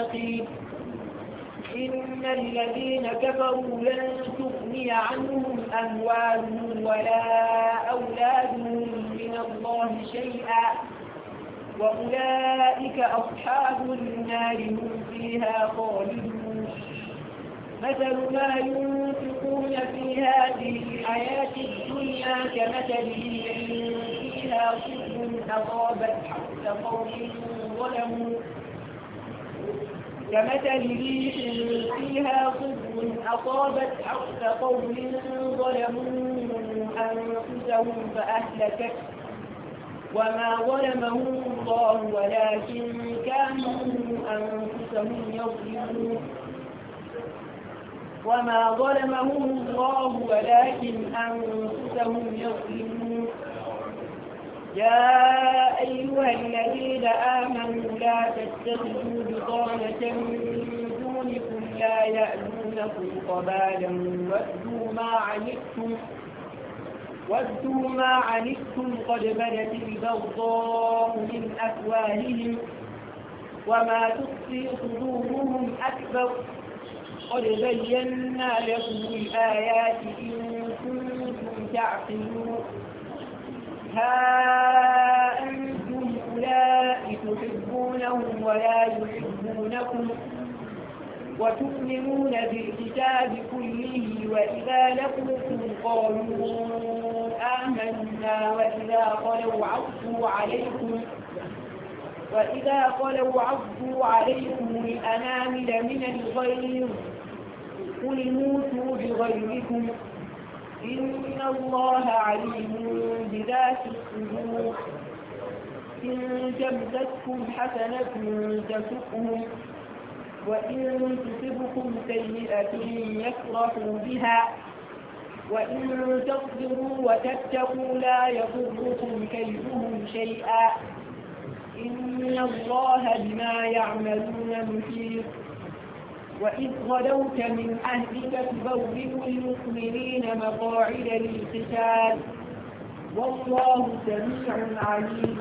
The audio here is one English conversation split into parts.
المتقين إن الذين كفروا لن تغني عنهم أموالهم ولا أولادهم من الله شيئا وأولئك أصحاب النار هم فيها خالدون مثل ما ينفقون في هذه الحياة الدنيا كمثل ريح فيها صب أصابت حتى قوم ظلموا كمثل ريح فيها صب أصابت حق قوم ظلموا أنفسهم فأهلكت وما ظلمهم الله ولكن كانوا أنفسهم يظلمون وما ظلمهم الله ولكن أنفسهم يظلمون يا أيها الذين آمنوا لا تتخذوا بطانة من دونكم لا يألونكم قبالا وادوا ما عنتم وادوا ما عنتم قد بدت البغضاء من أفواههم وما تخفي صدورهم أكبر قد بينا لكم الآيات إن كنتم تعقلون ها أنتم أولئك تحبونهم ولا يحبونكم وتؤمنون بالكتاب كله وإذا لقوكم قالوا آمنا وإذا خلوا عفوا عليكم وإذا خلوا عفوا عليكم الأنامل من الغيظ قل موتوا بغيركم إن الله عليم بذات الصدور إن جبتكم حسنة تسقهم وإن تسبكم سيئة يفرحوا بها وإن تصبروا وتتقوا لا يضركم كيدهم شيئا إن الله بما يعملون محيط وإذ غدوت من أهلك تبوئ المؤمنين مقاعد للقتال والله سميع عليم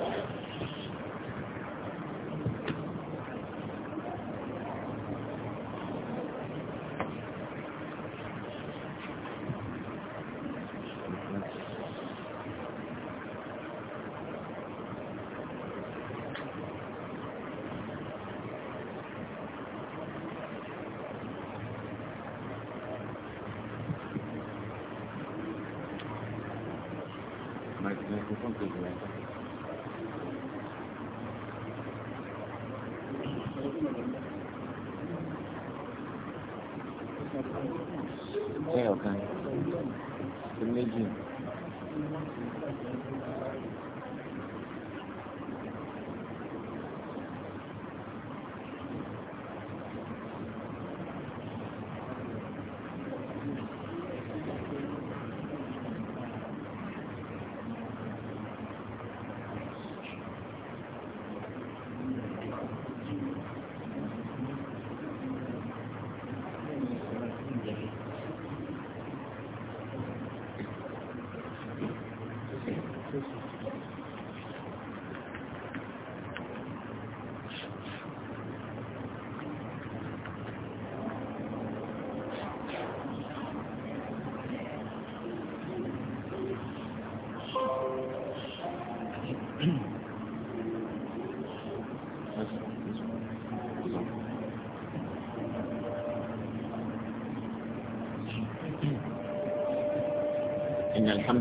ẹyọkan méjì.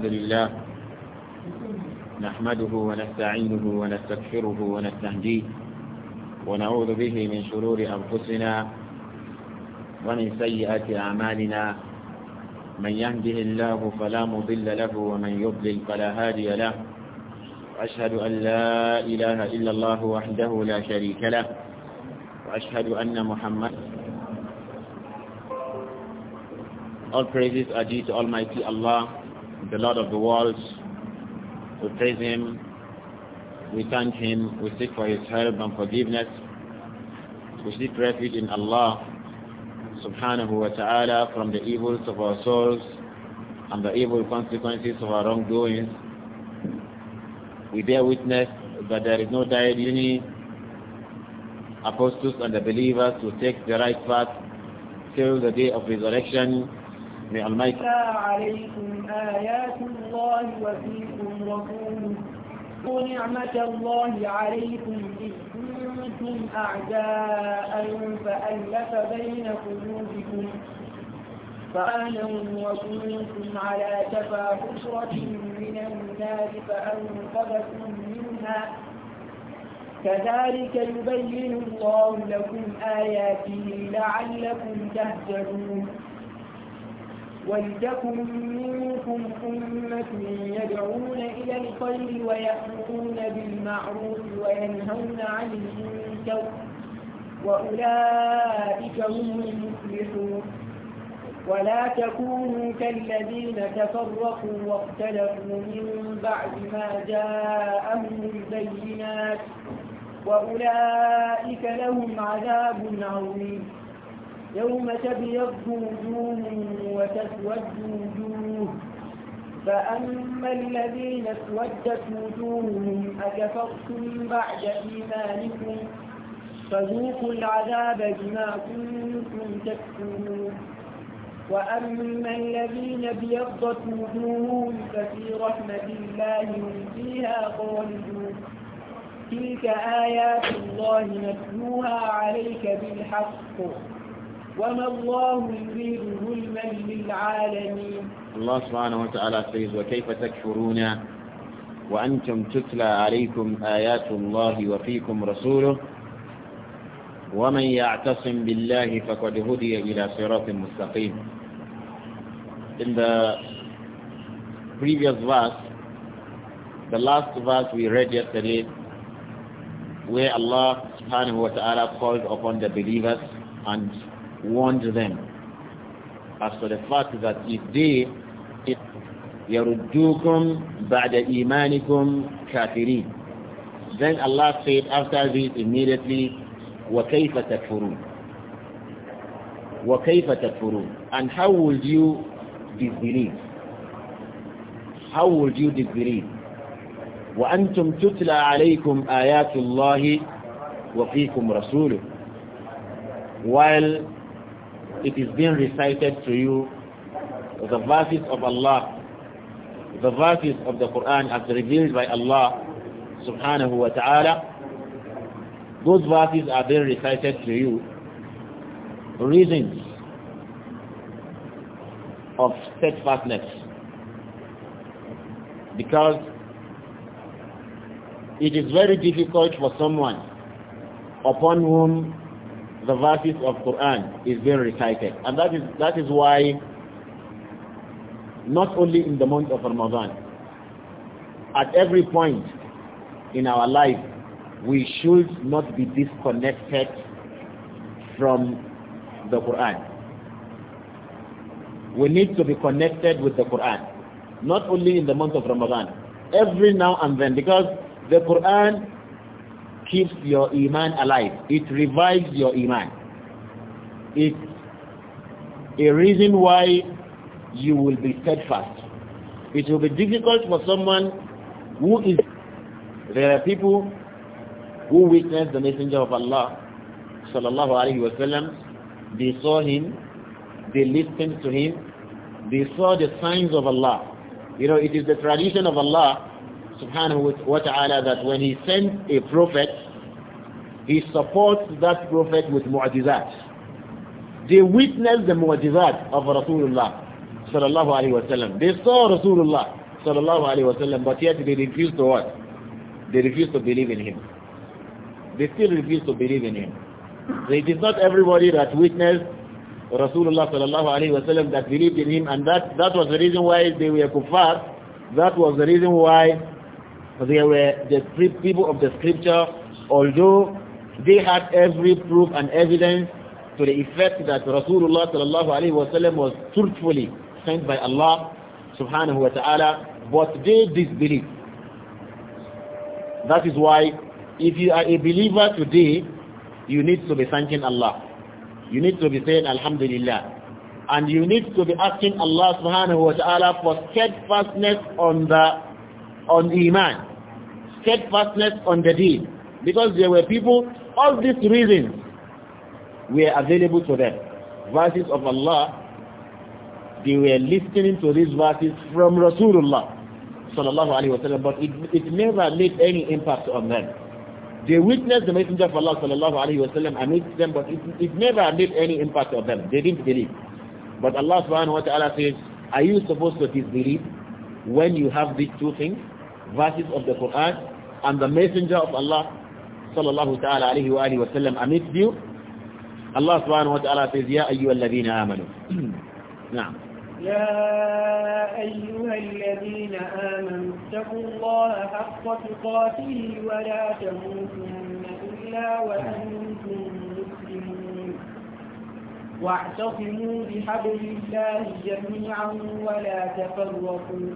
الحمد لله نحمده ونستعينه ونستغفره ونستهديه ونعوذ به من شرور أنفسنا ومن سيئات أعمالنا من يهده الله فلا مضل له ومن يضلل فلا هادي له وأشهد أن لا إله إلا الله وحده لا شريك له وأشهد أن محمد All praises are due to Almighty Allah the Lord of the world. We praise Him, we thank Him, we seek for His help and forgiveness. We seek refuge in Allah subhanahu wa ta'ala from the evils of our souls and the evil consequences of our wrongdoings. We bear witness that there is no deity apostles and the believers who take the right path till the day of resurrection بعلميك عليكم آيات الله وفيكم رسوله ونعمة الله عليكم إذ كنتم أعداء فألف بين قلوبكم فآنا وكنتم على شفا حسرة من النار فأنقذكم منها كذلك يبين الله لكم آياته لعلكم تهتدون ولتكن منكم أمة يدعون إلى الخير ويأمرون بالمعروف وينهون عن المنكر وأولئك هم المفلحون ولا تكونوا كالذين تفرقوا واختلفوا من بعد ما جاءهم البينات وأولئك لهم عذاب عظيم يوم تبيض وجوه وتسود وجوه فأما الذين اسودت وجوههم أكفرتم بعد إيمانكم فذوقوا العذاب بما كنتم تكفرون وأما الذين ابيضت وجوههم ففي رحمة الله هم فيها خالدون تلك آيات الله نتلوها عليك بالحق وما الله يريد ظلما للعالمين الله سبحانه وتعالى سيد وكيف تكفرون وأنتم تتلى عليكم آيات الله وفيكم رسوله ومن يعتصم بالله فقد هدي إلى صراط مستقيم In the previous verse, the last verse we read yesterday, where Allah subhanahu wa ta'ala calls upon the believers and warned them as for the fact that if they يَرُدُّوكُمْ بَعْدَ إِيمَانِكُمْ كَافِرِينَ Then Allah said after this immediately وَكَيْفَ تَكْفُرُونَ وَكَيْفَ تَكْفُرُونَ And how would you disbelieve? How would you disbelieve? وأنتم تتلى عليكم آيات الله وفيكم رسوله while it is being recited to you the verses of Allah the verses of the Quran as revealed by Allah subhanahu wa ta'ala those verses are being recited to you reasons of steadfastness because it is very difficult for someone upon whom the verses of Quran is being recited. And that is, that is why not only in the month of Ramadan, at every point in our life, we should not be disconnected from the Quran. We need to be connected with the Quran, not only in the month of Ramadan, every now and then, because the Quran keeps your iman alive. It revives your iman. It's a reason why you will be steadfast. It will be difficult for someone who is... There are people who witnessed the messenger of Allah sallallahu alaihi wasallam they saw him they listened to him they saw the signs of Allah you know it is the tradition of Allah subhanahu wa ta'ala that when he sends a prophet he supports that prophet with mu'jizat. They witnessed the mu'jizat of Rasulullah sallallahu alaihi wasallam. They saw Rasulullah sallallahu alaihi wasallam, but yet they refused to what? They refused to believe in him. They still refused to believe in him. So it is not everybody that witnessed Rasulullah sallallahu alaihi wasallam that believed in him, and that that was the reason why they were kuffar. That was the reason why they were the people of the scripture, although they had every proof and evidence to the effect that Rasulullah sallallahu was truthfully sent by Allah subhanahu wa ta'ala, but they disbelieved. That is why if you are a believer today, you need to be thanking Allah. You need to be saying Alhamdulillah. And you need to be asking Allah subhanahu wa ta'ala for steadfastness on the on Iman, steadfastness on the deed because there were people, all these reasons were available to them. Verses of Allah, they were listening to these verses from Rasulullah sallallahu alaihi wasallam, but it, it never made any impact on them. They witnessed the Messenger of Allah sallallahu alaihi wasallam amidst them, but it, it never made any impact on them. They didn't believe. But Allah subhanahu wa ta'ala says, are you supposed to disbelieve when you have these two things? Verses of the Quran and the Messenger of Allah صلى الله تعالى عليه وآله وسلم sallam الله سبحانه وتعالى subhanahu wa ta'ala says ya ayyuhalladhina يا أيها الذين آمنوا اتقوا الله حق تقاته ولا تموتن إلا وأنتم مسلمون واعتصموا بحبل الله جميعا ولا تفرقوا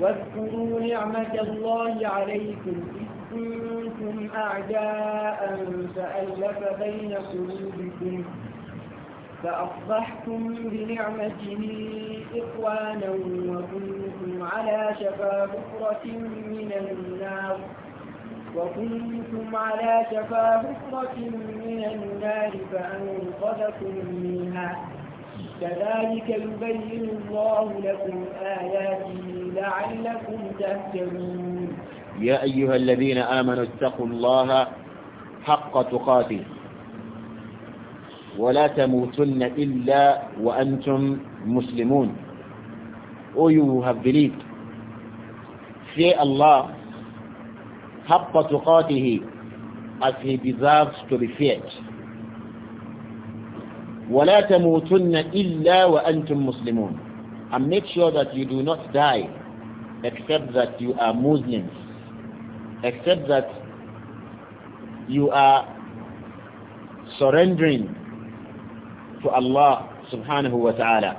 واذكروا نعمة الله عليكم إذ كنتم أعداء فألف بين قلوبكم فأصبحتم بنعمته إخوانا وكنتم على شفا حفرة من النار وكنتم على شفا حفرة من النار فأنقذكم منها كذلك يبين الله لكم آياته لعلكم تهتدون يا أيها الذين آمنوا اتقوا الله حق تقاته ولا تموتن إلا وأنتم مسلمون أيها you have believed Fear Allah حق تقاته as he deserves to be feared ولا تموتن إلا وأنتم مسلمون and make sure that you do not die except that you are Muslims except that you are surrendering to Allah subhanahu wa ta'ala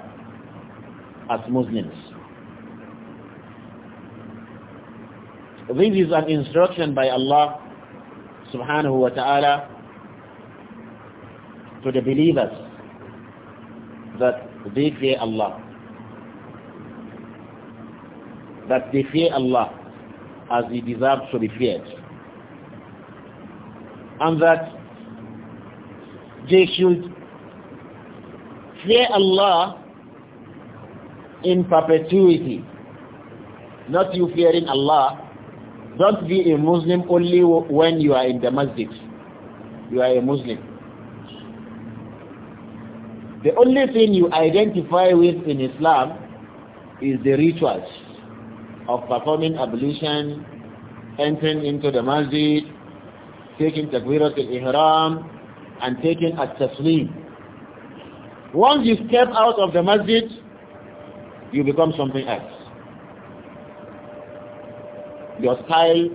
as Muslims. This is an instruction by Allah subhanahu wa ta'ala to the believers that they fear Allah. That they fear Allah as he deserves to be feared. And that they should fear Allah in perpetuity. Not you fearing Allah. Don't be a Muslim only when you are in the masjid. You are a Muslim. The only thing you identify with in Islam is the rituals of performing ablution, entering into the masjid, taking takbirat al-ihram, and taking at-taslim. Once you step out of the masjid, you become something else. Your style,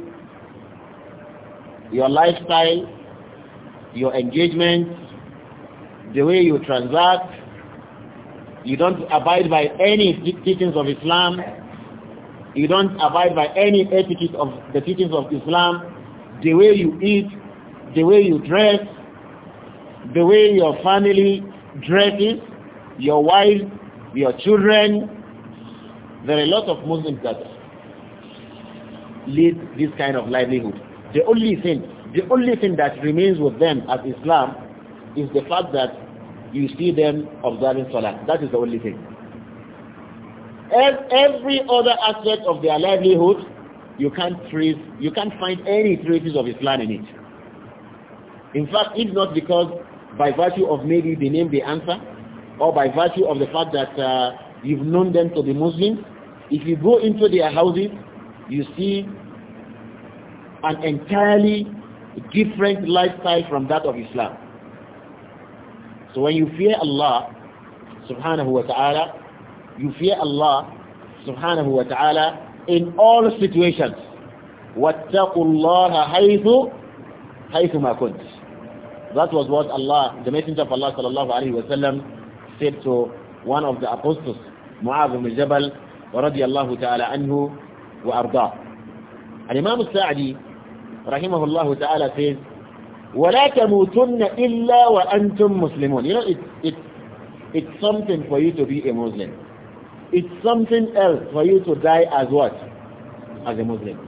your lifestyle, your engagement, the way you transact, you don't abide by any teachings of Islam, you don't abide by any etiquette of the teachings of Islam, the way you eat, the way you dress, the way your family dresses, your wife, your children. There are a lot of Muslims that lead this kind of livelihood. The only thing, the only thing that remains with them as Islam is the fact that you see them observing Salah. That is the only thing every other aspect of their livelihood, you can't trace, you can't find any traces of Islam in it. In fact, if not because by virtue of maybe the name they answer, or by virtue of the fact that uh, you've known them to be Muslims, if you go into their houses, you see an entirely different lifestyle from that of Islam. So when you fear Allah subhanahu wa ta'ala, you fear Allah subhanahu wa ta'ala in all situations وَاتَّقُوا اللَّهَ حَيْثُ حَيْثُ مَا كُنْتُ that was what Allah the messenger of Allah sallallahu alaihi wasallam said to one of the apostles Mu'adh ibn Jabal radiyallahu ta'ala anhu wa arda and Imam Sa'di rahimahullah ta'ala says وَلَا تَمُوتُنَّ إِلَّا وَأَنْتُمْ مُسْلِمُونَ you know it's, it's something for you to be a Muslim it's something else for you to die as what? As a Muslim.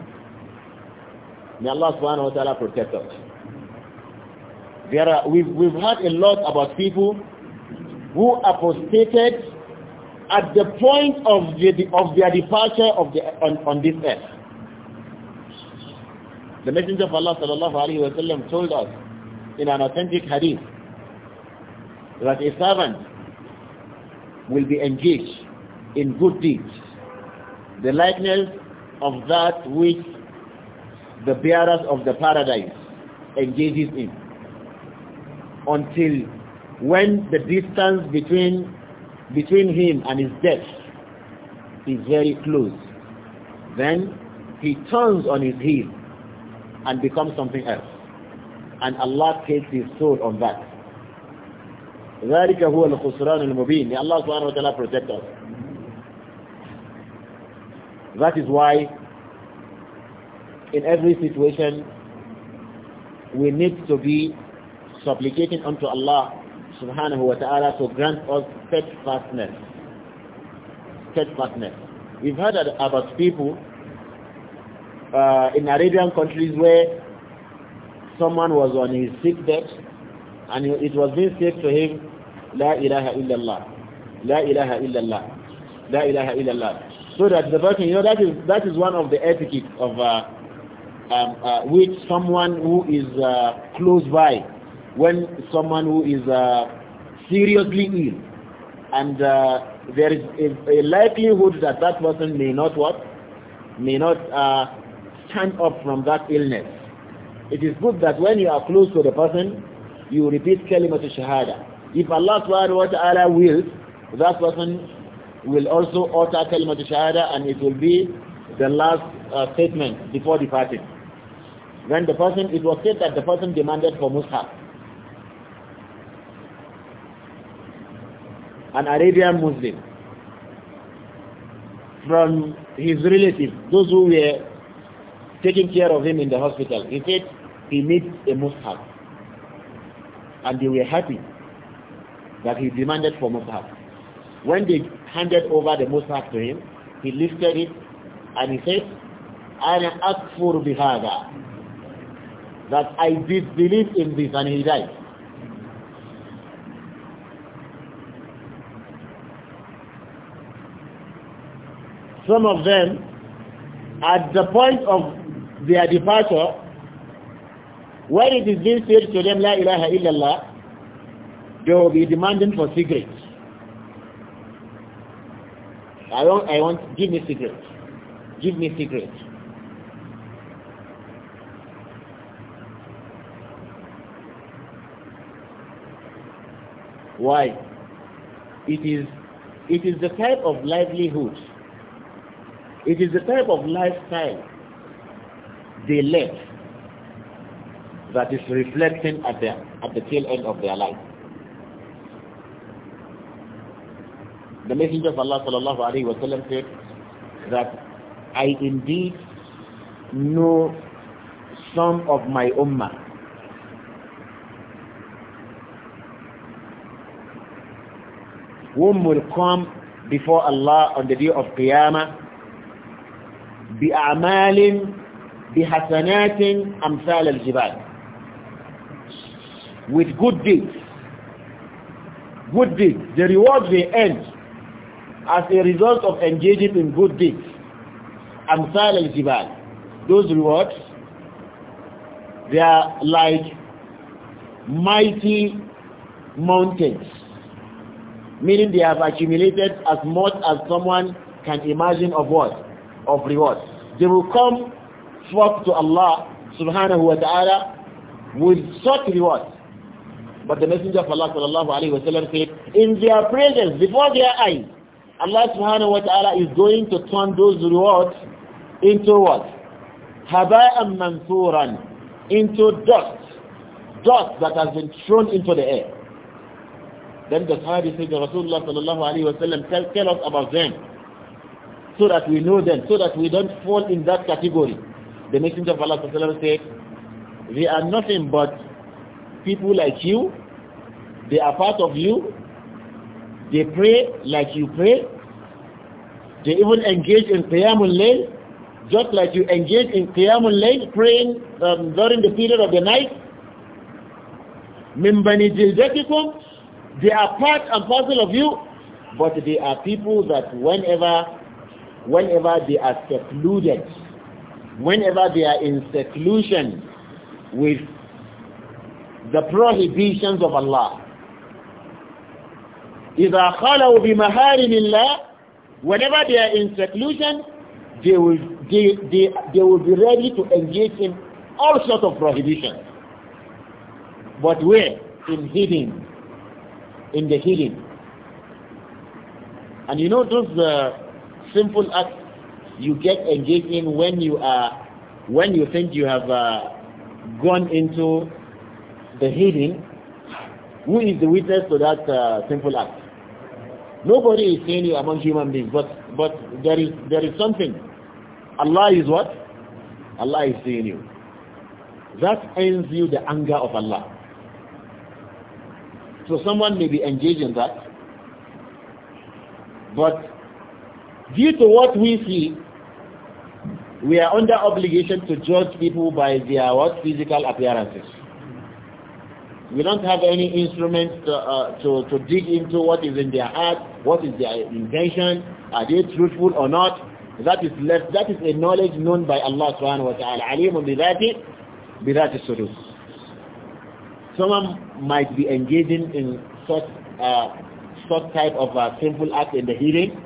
May Allah subhanahu wa ta'ala protect us. There are, we've, we've heard a lot about people who apostated at the point of, the, of their departure of the, on, on this earth. The Messenger of Allah sallallahu alayhi wa sallam told us in an authentic hadith that a servant will be engaged in good deeds, the likeness of that which the bearers of the paradise engages in, until when the distance between between him and his death is very close, then he turns on his heel and becomes something else. And Allah takes his soul on that. ذلك هو الخسران المبين. May Allah subhanahu wa ta'ala protect us. That is why in every situation we need to be supplicating unto Allah subhanahu wa ta'ala to grant us steadfastness. Steadfastness. We've heard about people uh, in Arabian countries where someone was on his sick bed and it was being said to him, La ilaha illallah, La ilaha illallah, La ilaha illallah so that the person, you know, that is that is one of the etiquette of uh, um, uh, someone who is uh, close by, when someone who is uh, seriously ill, and uh, there is a, a, likelihood that that person may not what, may not uh, stand up from that illness. It is good that when you are close to the person, you repeat kalimat shahada. If Allah subhanahu wa ta'ala wills, that person will also utter kalimat shahada and it will be the last uh, statement before departing. When the person, it was said that the person demanded for mushaf. An Arabian Muslim from his relatives, those who were taking care of him in the hospital. He said he needs a mushaf. And they were happy that he demanded for mushaf. When they handed over the Mus'haf to him, he lifted it and he said, أَنَا أَكْفُرُ بِهَذَا That I did believe in this and he died. Some of them, at the point of their departure, when it is being said to them, La ilaha illallah, they will be demanding for cigarettes. I want, I want, give me secret. Give me secret. Why? It is, it is the type of livelihood. It is the type of lifestyle they led that is reflecting at the, at the tail end of their life. The Messenger of Allah sallallahu alaihi wasallam said that I indeed know some of my ummah. Whom will come before Allah on the day of Qiyamah بأعمال بحسنات أمثال الجبال with good deeds good deeds the reward they end as a result of engaging in good deeds. Amsal al-Jibal. Those rewards, they are like mighty mountains, meaning they have accumulated as much as someone can imagine of what? Of reward. They will come forth to Allah subhanahu wa ta'ala with such reward. But the Messenger of Allah sallallahu alayhi wa sallam said, in their presence, before their eyes, Allah subhanahu wa ta'ala is going to turn those rewards into what? Haba'an mansuran, into dust, dust that has been thrown into the air. Then the Sahabi said, Rasulullah sallallahu alayhi wa sallam, tell, tell us about them, so that we know them, so that we don't fall in that category. The Messenger of Allah sallallahu alayhi wa sallam said, they are nothing but people like you, they are part of you, they pray like you pray. They even engage in Qiyamul Layl, just like you engage in Qiyamul Layl, praying um, during the period of the night. Min bani jildatikum, they are part and parcel of you, but they are people that whenever, whenever they are secluded, whenever they are in seclusion with the prohibitions of Allah, إِذَا خَلَوْا بِمَهَارِمِ اللَّهِ Whenever they are in seclusion, they will, they, they, they will be ready to engage in all sorts of prohibitions. But where? In hidden. In the healing And you know those uh, simple acts you get engaged in when you are when you think you have uh, gone into the healing who is the witness to that uh, simple act? Nobody is any among human beings, but but there is there is something. Allah is what? Allah is seeing you. That ends you the anger of Allah. So someone may be engaged in that. But due to what we see, we are under obligation to judge people by their what physical appearances. We don't have any instruments to, uh, uh, to, to, dig into what is in their heart, what is their intention, are they truthful or not. That is left, that is a knowledge known by Allah subhanahu wa ta'ala. Alimun bidhati, bidhati surus. Someone might be engaging in such, uh, such type of uh, sinful act in the hearing,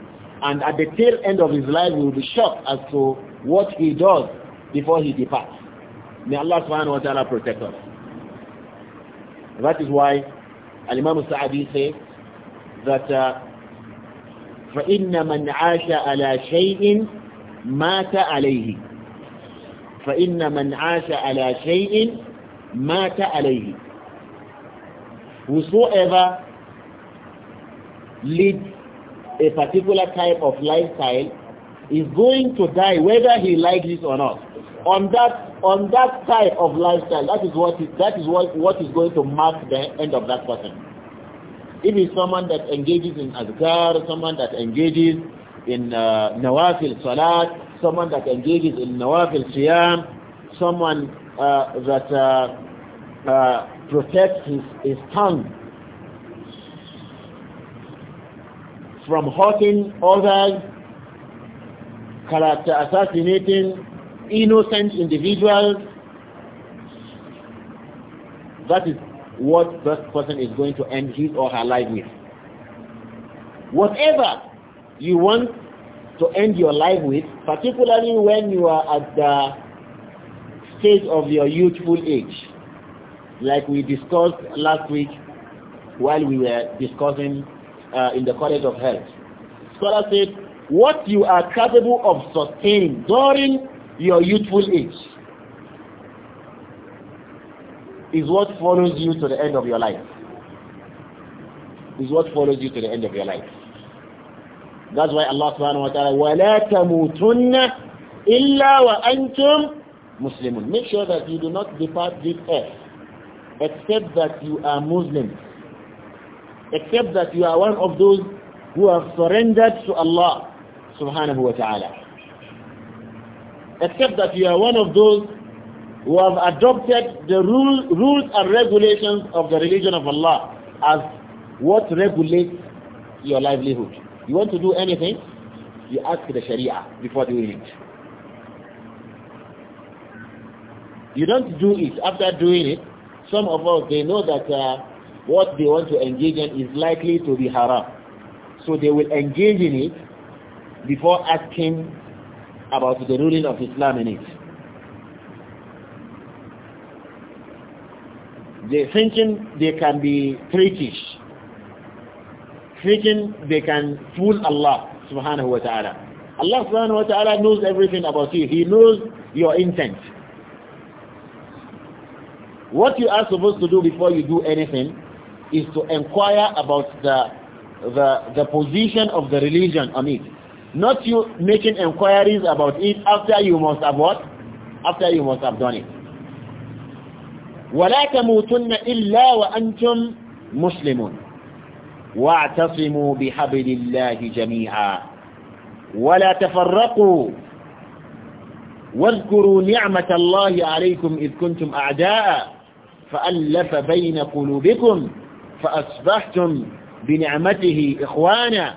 and at the tail end of his life he will be shocked as to what he does before he departs. May Allah subhanahu wa ta'ala protect us that is why Al-Imam Sa'adi says that uh, فَإِنَّ مَنْ عَاشَ عَلَى شَيْءٍ مَاتَ عَلَيْهِ فَإِنَّ مَنْ عَاشَ عَلَى شَيْءٍ مَاتَ عَلَيْهِ Whosoever leads a particular type of lifestyle is going to die whether he likes it or not. On that on that type of lifestyle, that is what is, that is what, what is going to mark the end of that person. If it's someone that engages in azkar, someone that engages in uh, nawafil salat, someone that engages in nawafil siyam, someone uh, that uh, uh, protects his, his tongue from hurting others, character assassinating, innocent individuals, that is what that person is going to end his or her life with. Whatever you want to end your life with, particularly when you are at the stage of your youthful age, like we discussed last week while we were discussing uh, in the College of Health. Scholar said, what you are capable of sustaining during your youthful age is what follows you to the end of your life. Is what follows you to the end of your life. That's why Allah subhanahu wa ta'ala, وَلَا تَمُوتُنَّ إِلَّا وَأَنْتُمْ مُسْلِمُونَ Make sure that you do not depart this earth except that you are Muslims. Except that you are one of those who have surrendered to Allah subhanahu wa ta'ala except that you are one of those who have adopted the rule, rules and regulations of the religion of Allah as what regulates your livelihood. You want to do anything, you ask the Sharia before doing it. You don't do it. After doing it, some of us, they know that uh, what they want to engage in is likely to be haram. So they will engage in it before asking about the ruling of Islam in it. they thinking they can be trickish, thinking they can fool Allah subhanahu wa ta'ala. Allah subhanahu wa ta'ala knows everything about you. He knows your intent. What you are supposed to do before you do anything is to inquire about the the, the position of the religion on it. not you making inquiries about it after you must have what after you must have done it ولا تموتن إلا وأنتم مسلمون واعتصموا بحبل الله جميعا ولا تفرقوا واذكروا نعمة الله عليكم إذ كنتم أعداء فألف بين قلوبكم فأصبحتم بنعمته إخوانا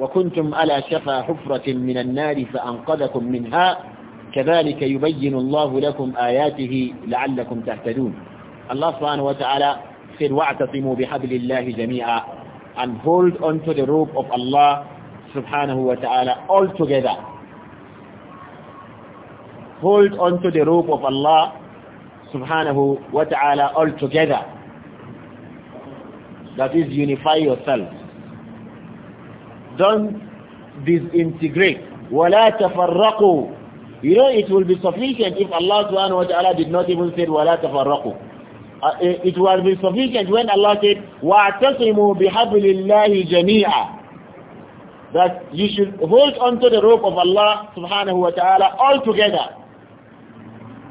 وكنتم على شفا حفرة من النار فأنقذكم منها كذلك يبين الله لكم آياته لعلكم تهتدون الله سبحانه وتعالى ta'ala واعتصموا بحبل الله جميعا and hold on to the rope of Allah subhanahu wa ta'ala all together hold to the rope of Allah subhanahu wa ta'ala all together that is unify yourself Don't disintegrate. وَلَا تَفَرَّقُوا You know, it will be sufficient if Allah subhanahu wa ta'ala did not even say وَلَا تَفَرَّقُوا uh, eh, it will be sufficient when Allah said وَاعْتَصِمُوا بِحَبْلِ اللَّهِ that you should hold onto the rope of Allah subhanahu wa ta'ala all together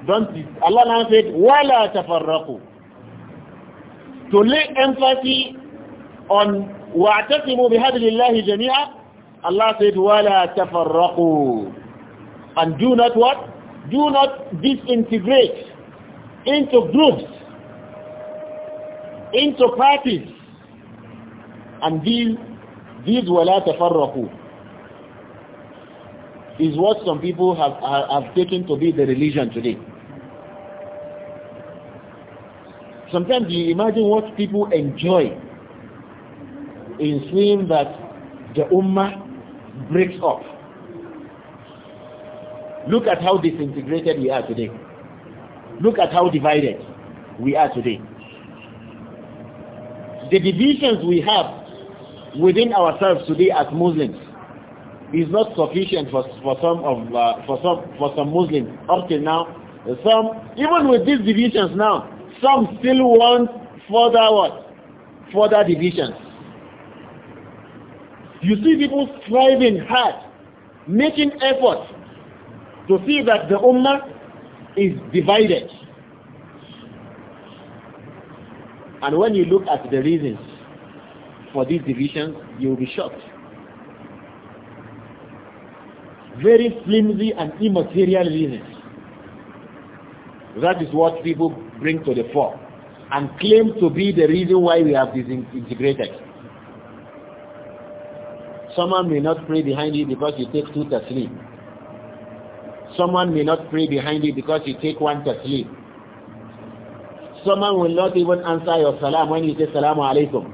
don't Allah now said وَلَا تَفَرَّقُوا to lay emphasis on واعتصموا الله جميعا said and do not what do not disintegrate into groups into parties and these these wala tafarraqu is what some people have, have taken to be the religion today sometimes you imagine what people enjoy in seeing that the ummah breaks up. Look at how disintegrated we are today. Look at how divided we are today. The divisions we have within ourselves today as Muslims is not sufficient for, for some of uh, for some for some Muslims up till now. Some even with these divisions now, some still want further what? Further divisions. You see people striving hard, making efforts to see that the Ummah is divided. And when you look at the reasons for these divisions, you'll be shocked. Very flimsy and immaterial reasons. That is what people bring to the fore and claim to be the reason why we have disintegrated. Someone may not pray behind you because you take two to sleep. Someone may not pray behind you because you take one to sleep. Someone will not even answer your salam when you say salamu alaikum.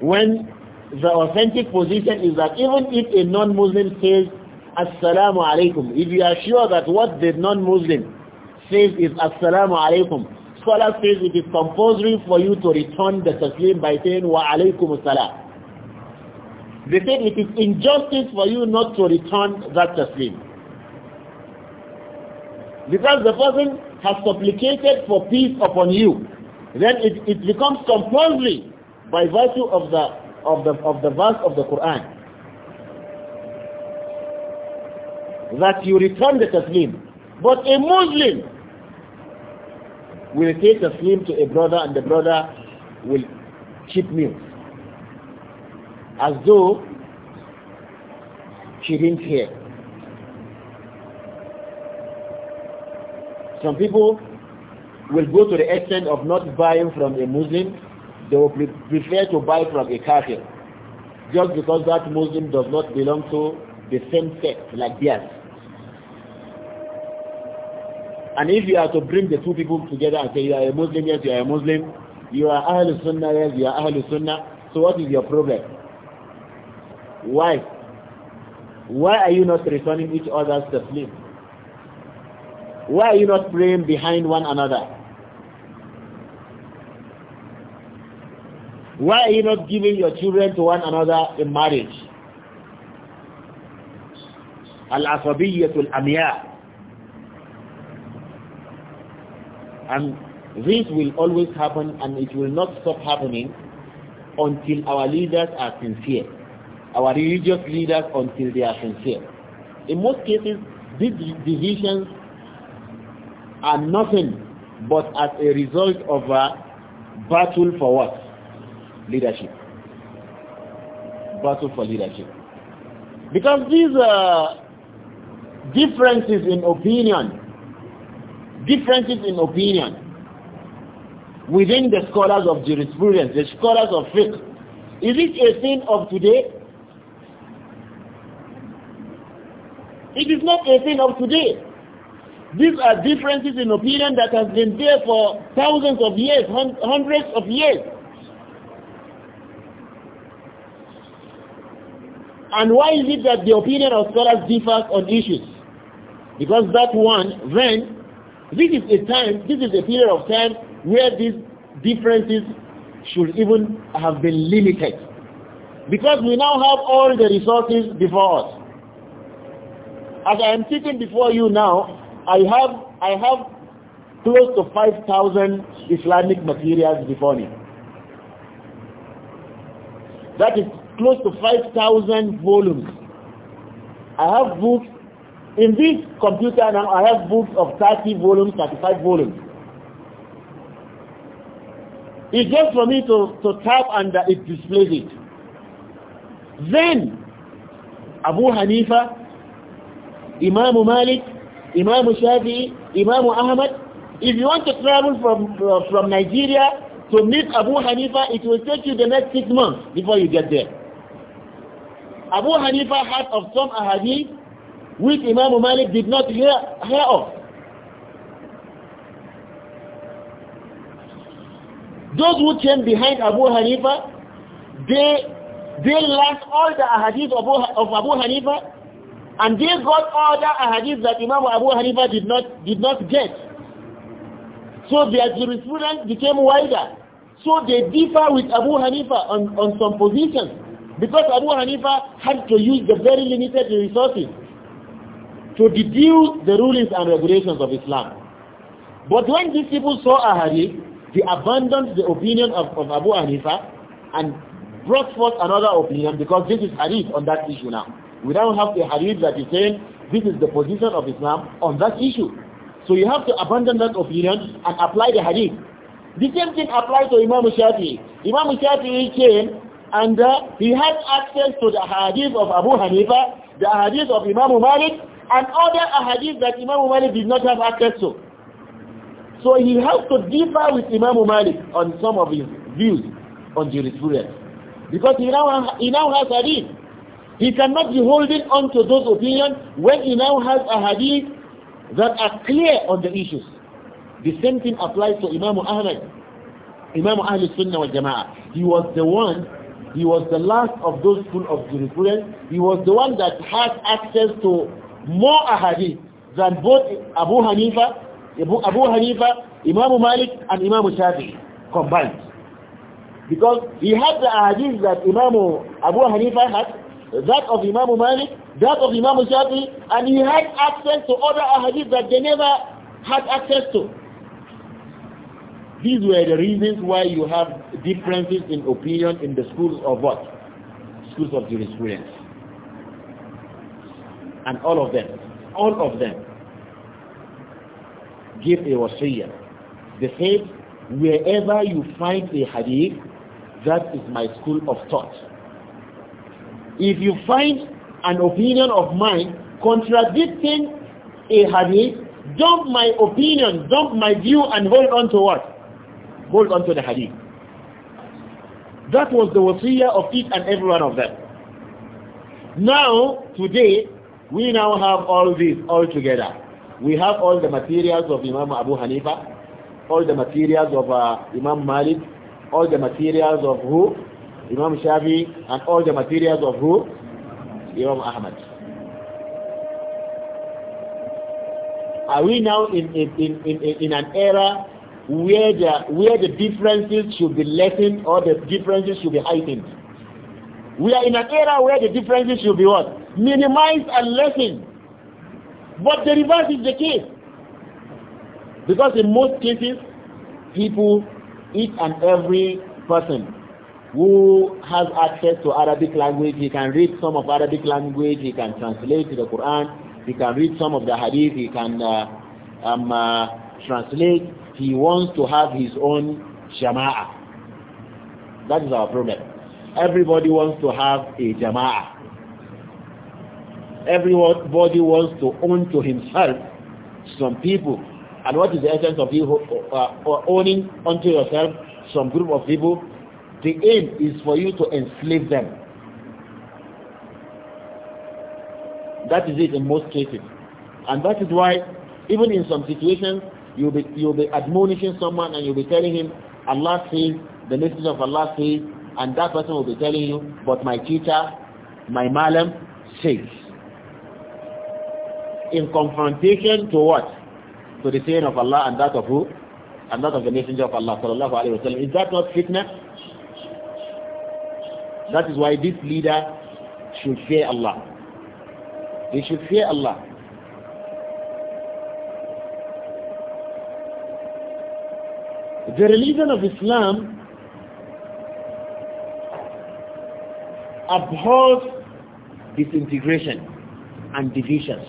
When the authentic position is that even if a non-Muslim says assalamu alaikum, if you are sure that what the non-Muslim says is assalamu alaikum, scholar says it is compulsory for you to return the taslim by saying wa alaykum salam. They said it is injustice for you not to return that taslim. Because the person has supplicated for peace upon you, then it, it becomes compulsory by virtue of the of the of the verse of the Quran that you return the taslim. But a Muslim will take a slim to a brother and the brother will keep me as though she didn't hear. Some people will go to the extent of not buying from a Muslim, they will prefer to buy from a kafir just because that Muslim does not belong to the same sect like theirs. And if you are to bring the two people together and say you are a Muslim, yes, you are a Muslim, you are Ahlul Sunnah, yes, you are Ahlul Sunnah, so what is your problem? Why? Why are you not returning each other's taslim? Why are you not praying behind one another? Why are you not giving your children to one another in marriage? Al-asabiyyatu al-amiyah And this will always happen and it will not stop happening until our leaders are sincere. Our religious leaders until they are sincere. In most cases, these divisions are nothing but as a result of a battle for what? Leadership. Battle for leadership. Because these uh, differences in opinion differences in opinion within the scholars of jurisprudence, the scholars of faith, Is it a thing of today? It is not a thing of today. These are differences in opinion that has been there for thousands of years, hundreds of years. And why is it that the opinion of scholars differs on issues? Because that one, then, this is a time, this is a period of time where these differences should even have been limited. Because we now have all the resources before us. As I am sitting before you now, I have, I have close to 5,000 Islamic materials before me. That is close to 5,000 volumes. I have books in this computer now, I have books of 30 volumes, 35 volumes. It's just for me to, to tap and uh, it displays it. Then, Abu Hanifa, Imam Malik, Imam Shafi, Imam Ahmad, if you want to travel from, uh, from Nigeria to meet Abu Hanifa, it will take you the next six months before you get there. Abu Hanifa had of some ahadith which Imam Malik did not hear, hear of. Those who came behind Abu Hanifa, they they learned all the ahadith of Abu, of Abu Hanifa and they got all the ahadith that Imam Abu Hanifa did not did not get. So their jurisprudence became wider. So they differ with Abu Hanifa on, on some positions because Abu Hanifa had to use the very limited resources to deduce the rulings and regulations of Islam. But when these people saw a hadith, they abandoned the opinion of, of Abu Hanifa and brought forth another opinion because this is hadith on that issue now. We don't have a hadith that is saying this is the position of Islam on that issue. So you have to abandon that opinion and apply the hadith. The same thing applies to Imam Shafi'i. Imam Shafi'i came and uh, he had access to the hadith of Abu Hanifa, the hadith of Imam Malik, and other ahadith that Imam Malik did not have access to. So he has to differ with Imam Malik on some of his views on jurisprudence. Because he now, he now has hadith. He cannot be holding on to those opinions when he now has a hadith that are clear on the issues. The same thing applies to Imam Ahmad, Imam Ahl Sunnah wal Jama'ah. He was the one, he was the last of those full of jurisprudence. He was the one that had access to more ahadith than both Abu Hanifa, Abu, Abu Hanifa, Imam Malik and Imam Shafi combined. Because he had the ahadith that Imam Abu Hanifa had, that of Imam Malik, that of Imam Shafi, and he had access to other ahadith that they never had access to. These were the reasons why you have differences in opinion in the schools of what? Schools of jurisprudence and all of them, all of them give a wasiya. They said, wherever you find a hadith, that is my school of thought. If you find an opinion of mine contradicting a hadith, dump my opinion, dump my view and hold on to what? Hold on to the hadith. That was the wasiya of each and every one of them. Now, today, we now have all these all together. We have all the materials of Imam Abu Hanifa, all the materials of uh, Imam Malik, all the materials of who? Imam Shafi, and all the materials of who? Imam Ahmad. Are we now in, in, in, in, in an era where the, where the differences should be lessened or the differences should be heightened? We are in an era where the differences should be what? minimize and lessen. But the reverse is the case. Because in most cases, people, each and every person who has access to Arabic language, he can read some of Arabic language, he can translate the Quran, he can read some of the Hadith, he can uh, um, uh, translate. He wants to have his own jama'ah. That is our problem. Everybody wants to have a jama'ah everybody wants to own to himself some people. And what is the essence of you uh, uh, owning unto yourself some group of people? The aim is for you to enslave them. That is it in most cases. And that is why, even in some situations, you'll be, you'll be admonishing someone and you'll be telling him, Allah says, the message of Allah says, and that person will be telling you, but my teacher, my malam says in confrontation to what? To the saying of Allah and that of who? And that of the messenger of Allah sallallahu alayhi wa sallam. Is that not fitness? That is why this leader should fear Allah. He should fear Allah. The religion of Islam abhors disintegration and divisions.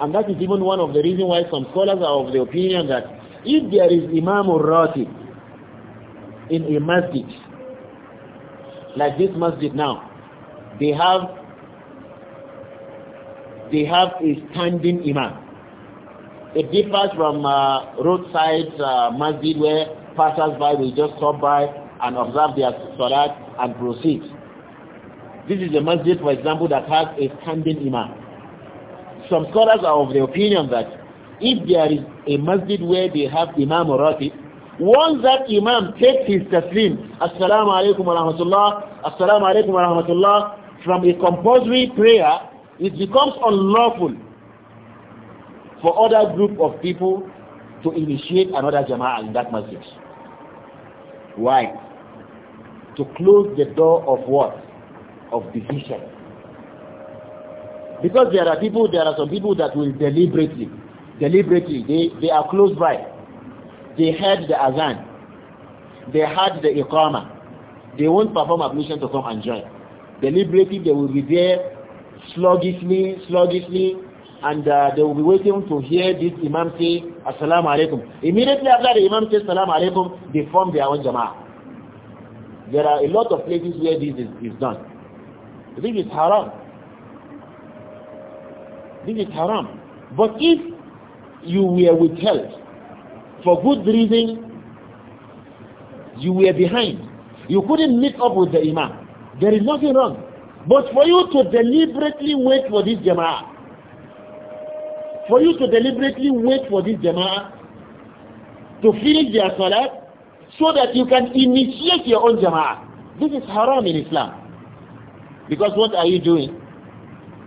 And that is even one of the reasons why some scholars are of the opinion that if there is Imam or ratib in a masjid, like this masjid now, they have they have a standing imam. It differs from uh, roadside uh, masjid where passers-by will just stop by and observe their salat and proceed. This is a masjid, for example, that has a standing imam some scholars are of the opinion that if there is a masjid where they have Imam or Ratib, once that Imam takes his taslim, Assalamu alaikum wa rahmatullah, Assalamu alaikum wa rahmatullah, from a compulsory prayer, it becomes unlawful for other group of people to initiate another jama'ah in that masjid. Why? To close the door of what? Of division. Because there are people, there are some people that will deliberately, deliberately, they, they are close by. They heard the azan. They heard the iqama. They won't perform ablution to come and join. Deliberately, they will be there sluggishly, sluggishly, and uh, they will be waiting to hear this imam say, Assalamu alaikum. Immediately after the imam says, Assalamu alaikum, they form their own jama'ah. There are a lot of places where this is, is done. This is haram. This is haram. But if you were withheld for good reason, you were behind. You couldn't meet up with the imam. There is nothing wrong. But for you to deliberately wait for this jama'ah, for you to deliberately wait for this jama'ah to finish their salah so that you can initiate your own jama'ah. This is haram in Islam. Because what are you doing?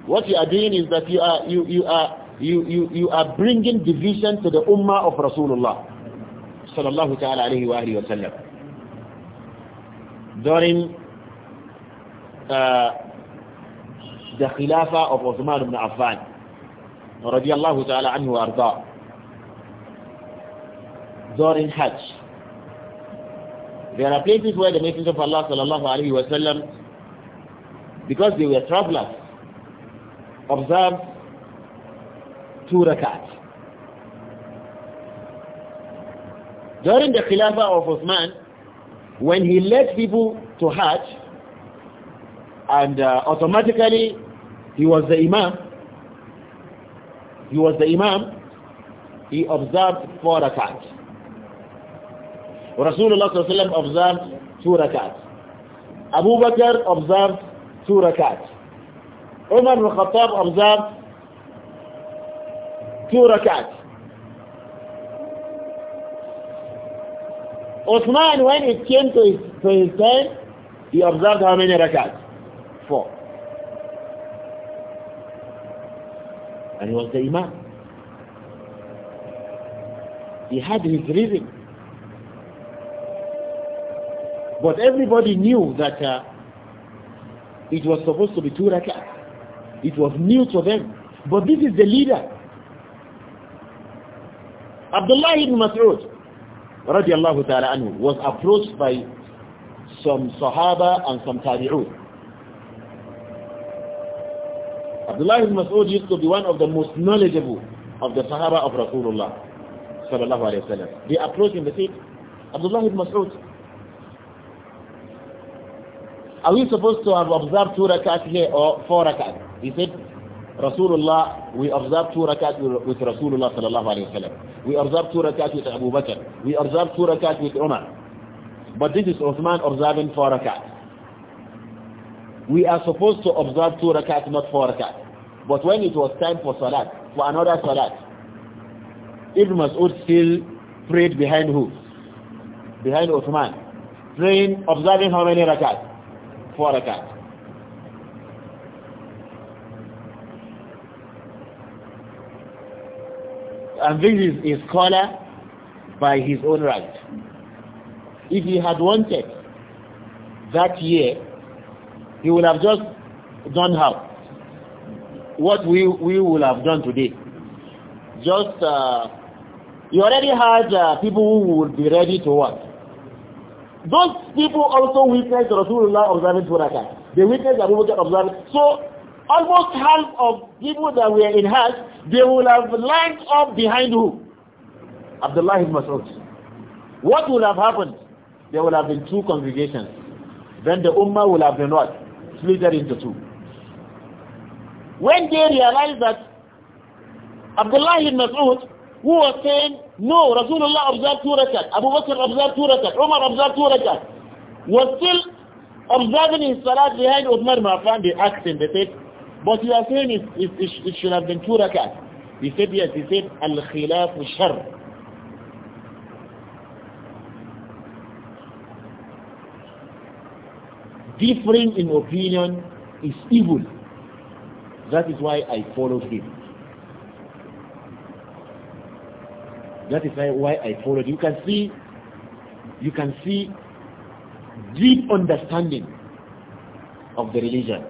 What you are doing is that you are, you, you are, you, you, you are bringing division to the ummah of Rasulullah sallallahu ta'ala alayhi wa alayhi wa sallam. During uh, the Khilafah of Uthman ibn Affan radiyallahu ta'ala anhu arda during Hajj there are places where the Messenger of Allah sallallahu alayhi wa sallam because they were travelers observe two rakats. During the Khilafah of Uthman, when he led people to Hajj, and uh, automatically he was the Imam, he was the Imam, he observed four rakats. Rasulullah observed two rakats. Abu Bakr observed two rakats. Umar ibn Khattab observed two rakats. Uthman, when it came to his, to his time, he observed how many rakats Four. And he was the Imam. He had his reason. But everybody knew that uh, it was supposed to be two rakats. It was new to them. But this is the leader. Abdullah ibn Mas'ud radiallahu ta'ala anhu was approached by some Sahaba and some Tabi'un. Abdullah ibn Mas'ud used to be one of the most knowledgeable of the Sahaba of Rasulullah sallallahu alayhi wa sallam. They approached him and said, Abdullah ibn Mas'ud, are we supposed to have observed two rakat here or four rakat? He said, Rasulullah, we observed two rakat with Rasulullah sallallahu alayhi wa sallam. We observed two rakat with Abu Bakr. We observed two rakat with Umar. But this is Uthman observing four rakat. We are supposed to observe two rakat, not four rakat. But when it was time for salat, for another salat, Ibn Mas'ud still prayed behind who? Behind Uthman. Praying, observing how many rakat? four rakat and this is a scholar by his own right if he had wanted that year he would have just done how what we we would have done today just uh, you already had uh, people who would be ready to work Those people also witnessed Rasulullah observing two rakah. They witnessed Abu Bakr observing. So almost half of people that were in Hajj, they will have lined up behind who? Abdullah ibn Mas'ud. What will have happened? There will have been two congregations. Then the Ummah will have been what? Splitted into two. When they realize that Abdullah ibn Mas'ud هو كان نو رسول الله أبزار توركا أبو بكر أبزار توركا عمر أبزار توركا وصل أبزارني الصلاة لهذه أدمر ما فهم بأكسن بتيت but you are saying it, it, it, it should have been توركا he said yes he said الخلاف الشر differing in opinion is evil that is why I followed him That is why I followed. You can see, you can see deep understanding of the religion.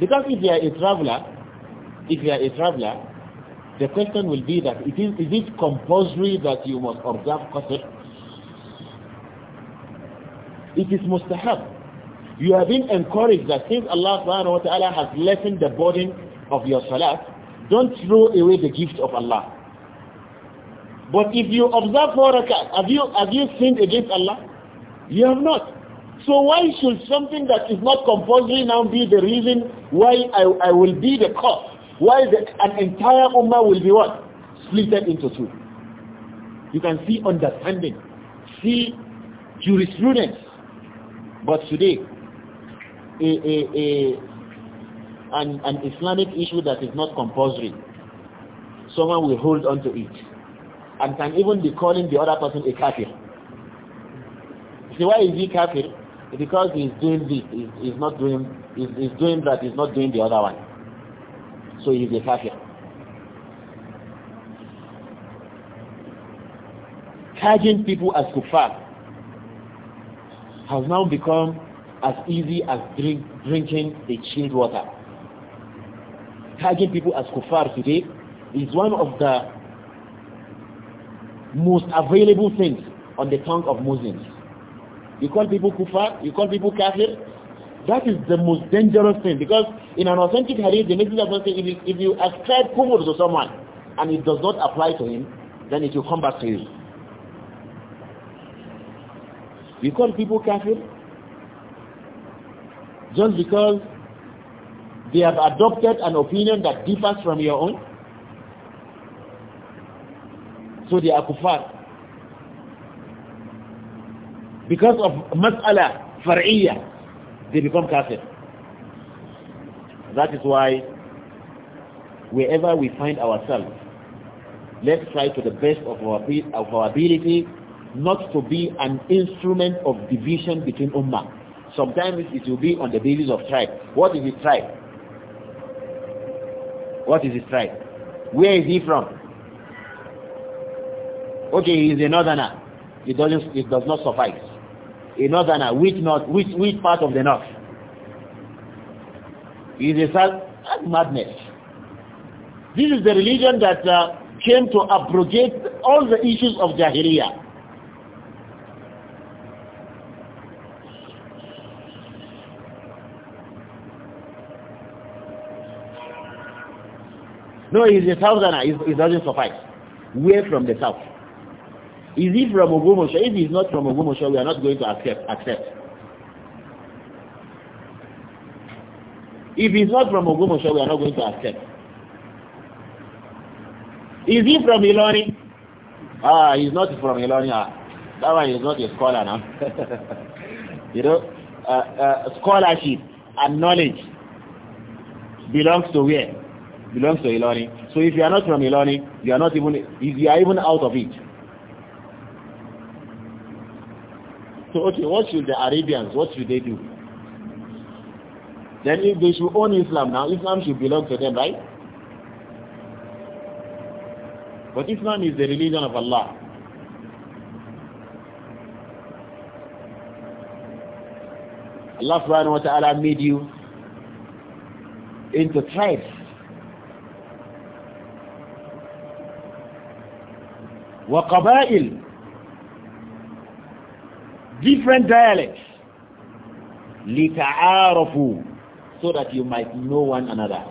Because if you are a traveler, if you are a traveler, the question will be that it is, is it compulsory that you must observe qasr? It is mustahab. You have been encouraged that since Allah subhanahu wa ta'ala has lessened the burden of your salat, don't throw away the gift of Allah. But if you observe four rak'ah, have you, have you sinned against Allah? You have not. So why should something that is not compulsory now be the reason why I, I will be the cause? Why the, an entire ummah will be what? Splitted into two. You can see understanding, see jurisprudence. But today, a, a, a, an, an Islamic issue that is not compulsory, someone will hold on to it and can even be calling the other person a kafir. See, why is he kafir? Because he's doing this, he's, he's not doing, he's, he's doing that, he's not doing the other one. So he's a kafir. Charging people as kuffar has now become as easy as drink, drinking the chilled water. Tagging people as kuffar today is one of the most available things on the tongue of Muslims. You call people Kufar, you call people kafir. That is the most dangerous thing because in an authentic hadith, the Messenger of Allah if you, if you ascribe kufr to someone and it does not apply to him, then it will come back to you. You call people kafir just because they have adopted an opinion that differs from your own? so they are kuffar because of mas'ala far'iyya they become kafir that is why wherever we find ourselves let's try to the best of our of our ability not to be an instrument of division between ummah sometimes it will be on the basis of tribe what is his tribe what is his tribe where is he from okay he's a northerner it doesn't it does not suffice a northerner which not which which part of the north is a south madness this is the religion that uh, came to abrogate all the issues of Jahiliya. No, he's a southerner. He doesn't suffice. We're from the south. Is he from Ogomosho? If he's not from Ogomosho, we are not going to accept. accept. If he's not from Ogomosho, we are not going to accept. Is he from Ilani? Ah, he's not from Ilani. Ah, that one is not a scholar now. you know, uh, uh, scholarship and knowledge belongs to where? Belongs to Ilani. So if you are not from Ilani, you are not even, If you are even out of it. So, okay, what should the Arabians, what should they do? Then if they should own Islam now, Islam should belong to them, right? But Islam is the religion of Allah. Allah subhanahu wa ta'ala made you into tribes. وقبائل different dialects لتعارفوا so that you might know one another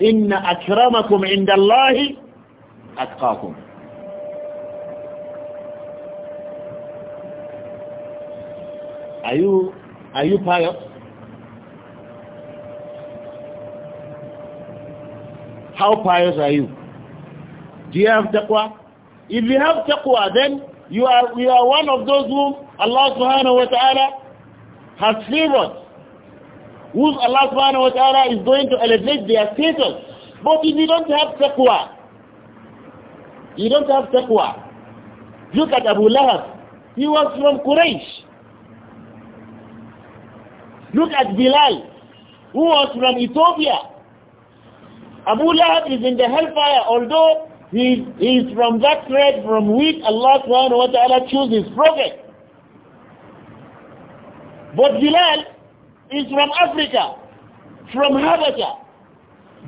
Inna akramakum عند الله Are you are you pious? How pious are you? Do you have taqwa? If you have taqwa then you are, we are one of those whom Allah subhanahu wa ta'ala has favored. Whom Allah subhanahu wa ta'ala is going to elevate their status. But if you don't have taqwa, you don't have taqwa. Look at Abu Lahab. He was from Quraysh. Look at Bilal, who was from Ethiopia. Abu Lahab is in the hellfire, although he is from that thread from which Allah subhanahu wa ta'ala chooses, his prophet. But Bilal is from Africa, from Habasha.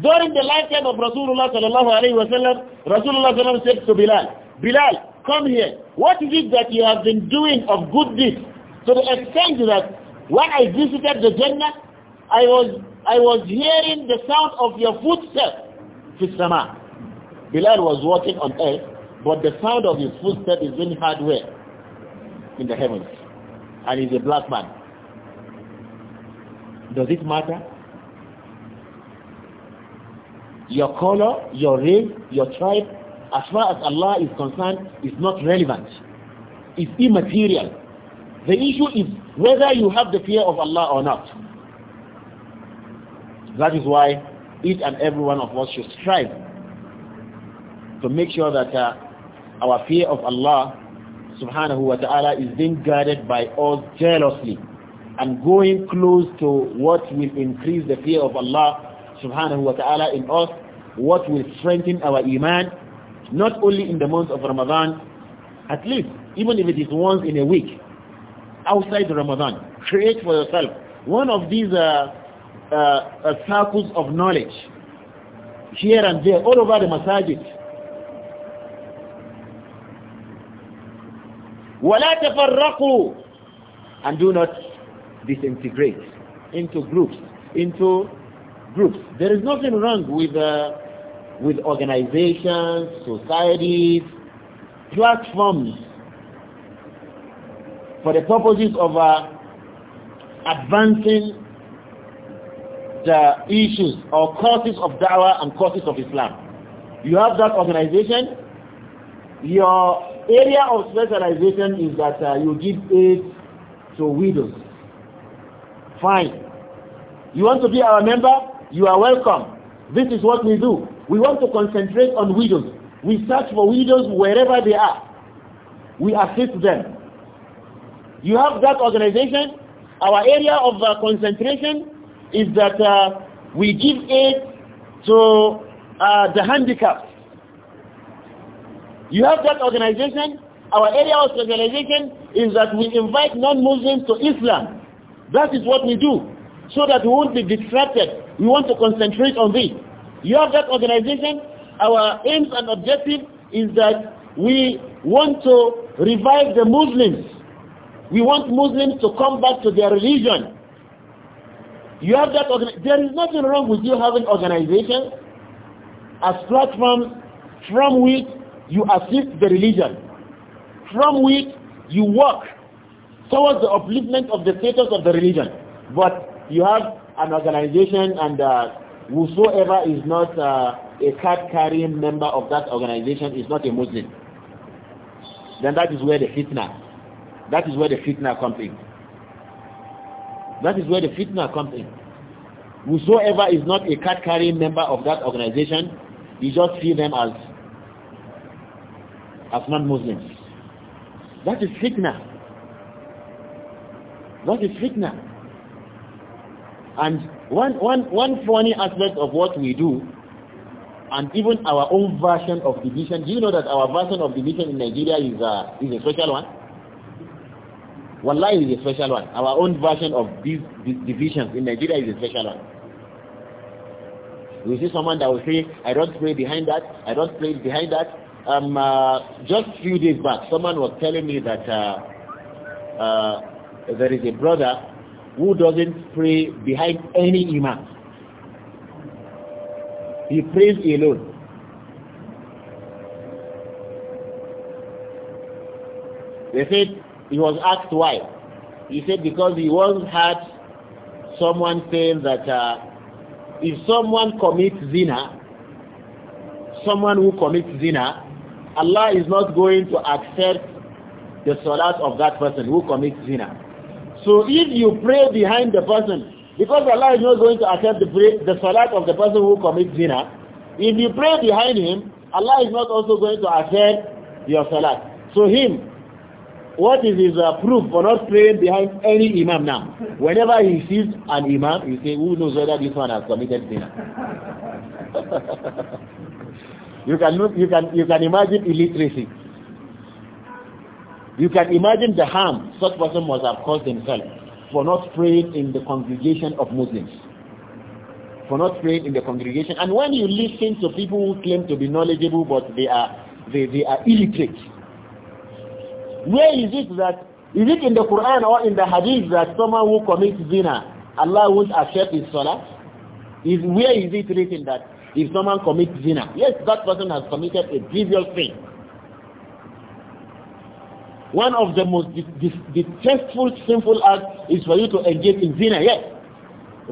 During the lifetime of Rasulullah sallallahu alayhi wa sallam, Rasulullah sallam said to Bilal, Bilal, come here. What is it that you have been doing of good deeds? To the extent that when I visited the Jannah, I was, I was hearing the sound of your footsteps. Fisama. Bilal was walking on earth, but the sound of his footstep is being heard where? In the heavens. And he's a black man. Does it matter? Your color, your race, your tribe, as far as Allah is concerned, is not relevant. It's immaterial. The issue is whether you have the fear of Allah or not. That is why each and every one of us should strive to make sure that uh, our fear of Allah subhanahu wa ta'ala is being guarded by us jealously and going close to what will increase the fear of Allah subhanahu wa ta'ala in us, what will strengthen our iman, not only in the month of Ramadan, at least even if it is once in a week, outside Ramadan, create for yourself one of these uh, uh, uh circles of knowledge here and there, all over the masajid, وَلَا تَفَرَّقُوا And do not disintegrate into groups, into groups. There is nothing wrong with, uh, with organizations, societies, platforms for the purposes of uh, advancing the issues or causes of da'wah and causes of Islam. You have that organization, your area of specialization is that uh, you give aid to widows. Fine. You want to be our member? You are welcome. This is what we do. We want to concentrate on widows. We search for widows wherever they are. We assist them. You have that organization. Our area of uh, concentration is that uh, we give aid to uh, the handicapped. You have that organization. Our area of specialization is that we invite non-Muslims to Islam. That is what we do, so that we won't be distracted. We want to concentrate on this. You have that organization. Our aims and objective is that we want to revive the Muslims. We want Muslims to come back to their religion. You have that There is nothing wrong with you having organizations as platforms from which you assist the religion, from which you work towards the upliftment of the status of the religion. But you have an organization and uh, whosoever is not uh, a card-carrying member of that organization is not a Muslim. Then that is where the fitna, that is where the fitna comes in. That is where the fitna comes in. Whosoever is not a card-carrying member of that organization, you just see them as as non-Muslims. That is fitna. That is fitna. And one, one, one funny aspect of what we do, and even our own version of division, do you know that our version of division in Nigeria is a, uh, is a special one? Wallahi is a special one. Our own version of these, divisions in Nigeria is a special one. We see someone that will say, I don't pray behind that, I don't pray behind that, um, uh, just a few days back, someone was telling me that uh, uh, there is a brother who doesn't pray behind any imam. He prays alone. They said he was asked why. He said because he once had someone saying that uh, if someone commits zina, someone who commits zina Allah is not going to accept the salat of that person who commits zina. So if you pray behind the person, because Allah is not going to accept the, pray, the salat of the person who commits zina, if you pray behind him, Allah is not also going to accept your salat. So him, what is his uh, proof for not praying behind any imam now? Whenever he sees an imam, he say, who knows whether this one has committed zina? You can look, you can, you can imagine illiteracy. You can imagine the harm such person must have caused himself for not praying in the congregation of Muslims. For not praying in the congregation. And when you listen to people who claim to be knowledgeable but they are they, they are illiterate. Where is it that is it in the Quran or in the Hadith that someone who commits zina, Allah won't accept his salah? Is where is it written that if someone commits zina, yes, that person has committed a trivial thing. One of the most detestable sinful acts is for you to engage in zina, yes.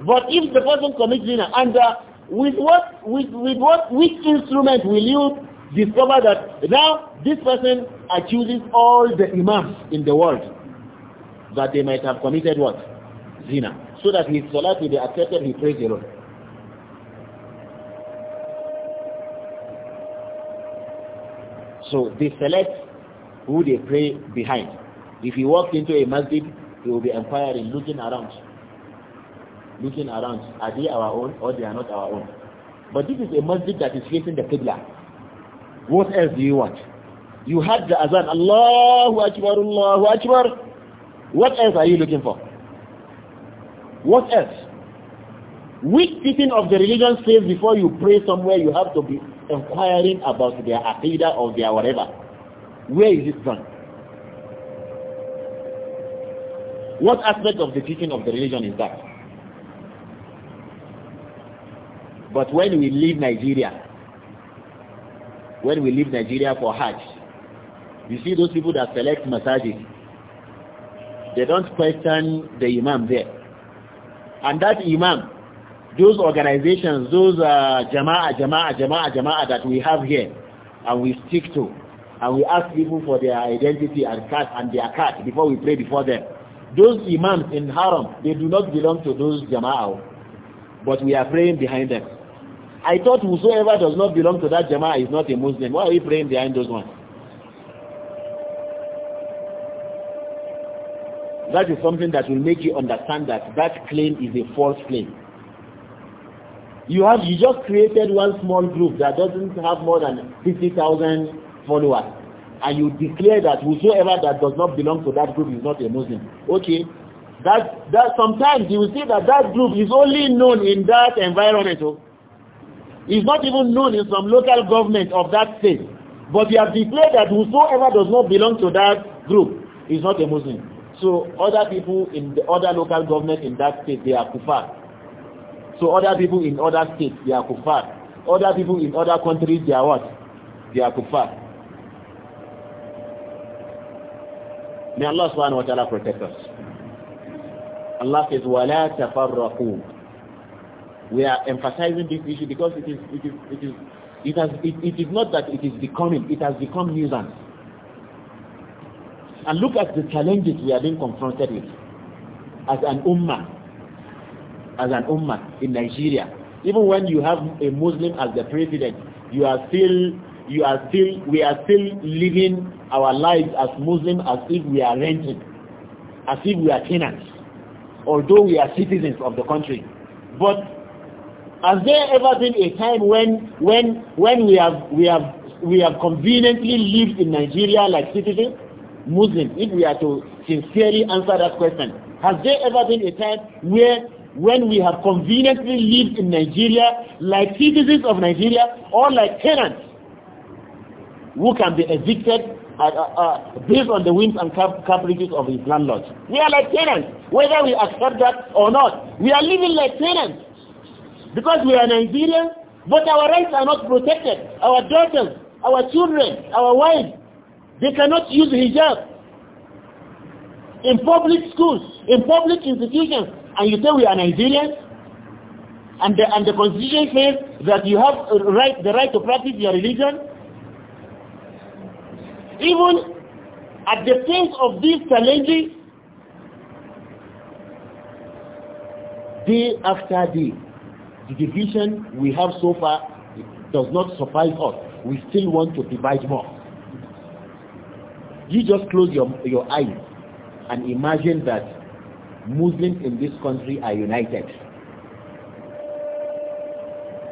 But if the person commits zina, and uh, with what, with, with what, which instrument will you discover that now this person accuses all the imams in the world that they might have committed what? Zina. So that his salat will be accepted, he prays alone. So they select who they pray behind. If he walk into a masjid, he will be inquiring, looking around. Looking around. Are they our own or they are not our own? But this is a masjid that is facing the Qibla. What else do you want? You had the azan, Allahu Akbar, Allahu Akbar. What else are you looking for? What else? Which teaching of the religion says before you pray somewhere you have to be inquiring about their aqidah or their whatever. Where is it from? What aspect of the teaching of the religion is that? But when we leave Nigeria, when we leave Nigeria for Hajj, you see those people that select masajid, they don't question the imam there. And that imam those organizations, those uh, jama'a, jama'a, jama'a, jama'a that we have here, and we stick to, and we ask people for their identity and card and their card before we pray before them. Those imams in Haram, they do not belong to those jama'a, but we are praying behind them. I thought whosoever does not belong to that jama'a is not a Muslim. Why are we praying behind those ones? That is something that will make you understand that that claim is a false claim. You have you just created one small group that doesn't have more than fifty thousand followers. And you declare that whosoever that does not belong to that group is not a Muslim. Okay. That, that sometimes you will see that that group is only known in that environment. Oh. is not even known in some local government of that state. But you have declared that whosoever does not belong to that group is not a Muslim. So other people in the other local government in that state, they are kufar. So other people in other states, they are kuffar. Other people in other countries, they are what? They are kuffar. May Allah subhanahu wa ta'ala protect us. Allah says, وَلَا تَفَرَّقُوا We are emphasizing this issue because it is, it is, it is, it has, it, it is not that it is becoming, it has become nuisance. And look at the challenges we are being confronted with as an ummah as an ummah in Nigeria. Even when you have a Muslim as the president, you are still, you are still, we are still living our lives as Muslim as if we are renting, as if we are tenants, although we are citizens of the country. But has there ever been a time when, when, when we have, we have, we have conveniently lived in Nigeria like citizens? Muslim, if we are to sincerely answer that question, has there ever been a time where when we have conveniently lived in Nigeria like citizens of Nigeria or like tenants who can be evicted uh, uh, uh based on the whims and cap of his landlord. We are like tenants, whether we accept that or not. We are living like tenants because we are Nigerians, but our rights are not protected. Our daughters, our children, our wives, they cannot use hijab in public schools, in public institutions, and you say we are Nigerians and the, and the constitution says that you have right the right to practice your religion even at the face of these challenges day after day the division we have so far does not suffice us we still want to divide more you just close your your eyes and imagine that Muslims in this country are united.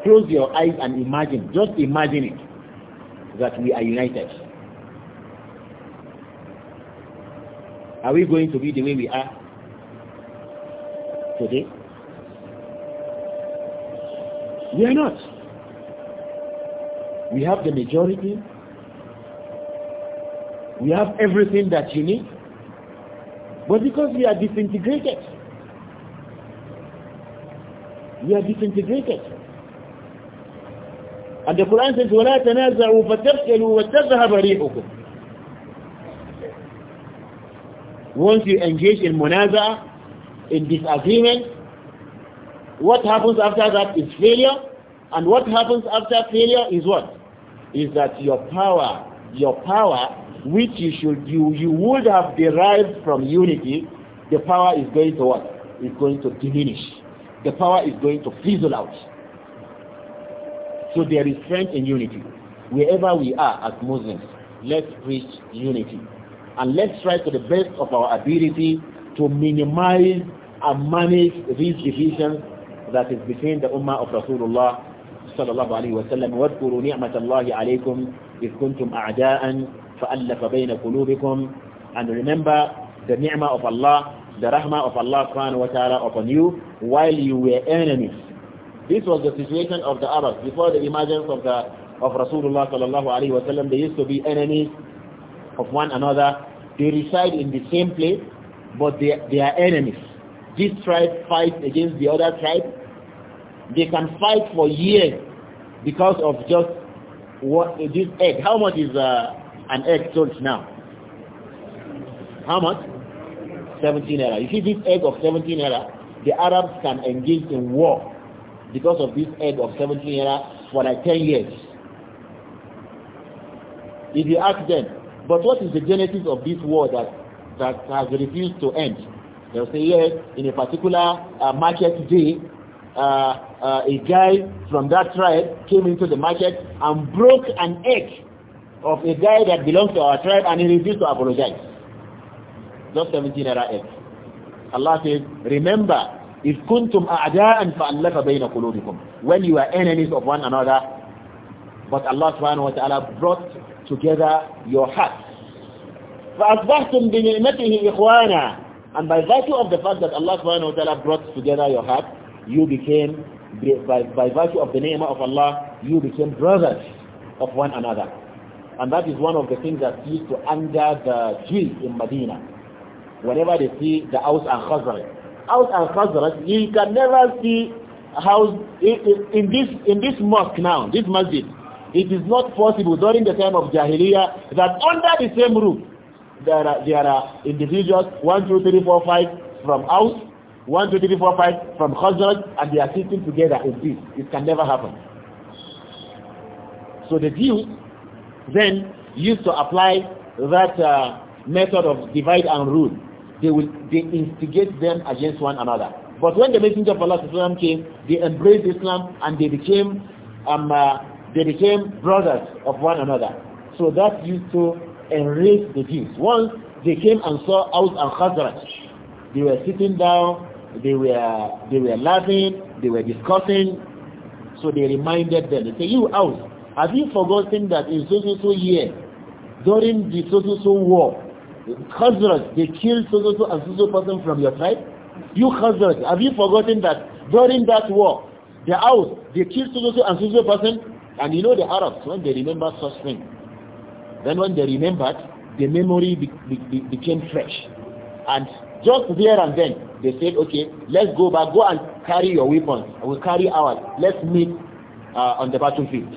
Close your eyes and imagine, just imagine it, that we are united. Are we going to be the way we are today? We are not. We have the majority. We have everything that you need. But because we are disintegrated, we are disintegrated. And the Quran says, وَلَا تَنَازَعُوا فَتَفْكَلُوا وَتَذْهَبَ رِيحُكُمْ Once you engage in munaza, in disagreement, what happens after that is failure, and what happens after failure is what? Is that your power, your power which you should you you would have derived from unity, the power is going to what? Is going to diminish. The power is going to fizzle out. So there is strength in unity. Wherever we are as Muslims, let's preach unity. And let's try to the best of our ability to minimize and manage these divisions that is between the Ummah of Rasulullah sallallahu alayhi wa sallam. وَاذْكُرُوا نِعْمَةَ اللَّهِ عَلَيْكُمْ إِذْ كُنْتُمْ أَعْدَاءً فألف بين قلوبكم and remember the ni'mah of Allah the rahmah of Allah subhanahu wa ta'ala upon you while you were enemies this was the situation of the Arabs before the emergence of the of Rasulullah sallallahu alaihi wasallam they used to be enemies of one another they reside in the same place but they, they are enemies this tribe fights against the other tribe they can fight for years because of just what this egg how much is uh, an egg sold now. How much? 17 era. You see this egg of 17 era, the Arabs can engage in war because of this egg of 17 era for like 10 years. If you ask them, but what is the genesis of this war that, that has refused to end? They'll say, yes, in a particular uh, market day, uh, uh, a guy from that tribe came into the market and broke an egg of a guy that belongs to our tribe and he refused to apologize. Just 17 naira X. Allah says, remember, if kuntum a'da'an fa'allafa bayna qulubikum. When you are enemies of one another, but Allah subhanahu wa ta'ala brought together your hearts. فَأَصْبَحْتُمْ بِنِعْمَتِهِ إِخْوَانًا And by virtue of the fact that Allah subhanahu wa ta'ala brought together your heart, you became, by, by virtue of the name of Allah, you became brothers of one another. And that is one of the things that used to anger the Jews in Medina. Whenever they see the house and Khazraj. House and Khazraj, you can never see house in this in this mosque now, this masjid. It is not possible during the time of Jahiliyyah that under the same roof there are there are individuals one, two, three, four, five from house, one, two, three, four, five from Khazraj, and they are sitting together in peace. It can never happen. So the Jews then used to apply that uh, method of divide and rule, they will they instigate them against one another. But when the messenger of Allah Islam came, they embraced Islam and they became um, uh, they became brothers of one another. So that used to enrage the Jews. Once they came and saw Aus and Khazraj, they were sitting down, they were they were laughing, they were discussing. So they reminded them, they say, you Aus, have you forgotten that in so so so year, during the so so so war, Khazraj, they killed so so so and so so person from your tribe? You Khazraj, have you forgotten that during that war, the house, they killed so so so and so so person? And you know the Arabs, when they remember such thing, then when they remembered, the memory be be became fresh. And just there and then, they said, okay, let's go back, go and carry your weapons. I will carry ours. Let's meet uh, on the battlefield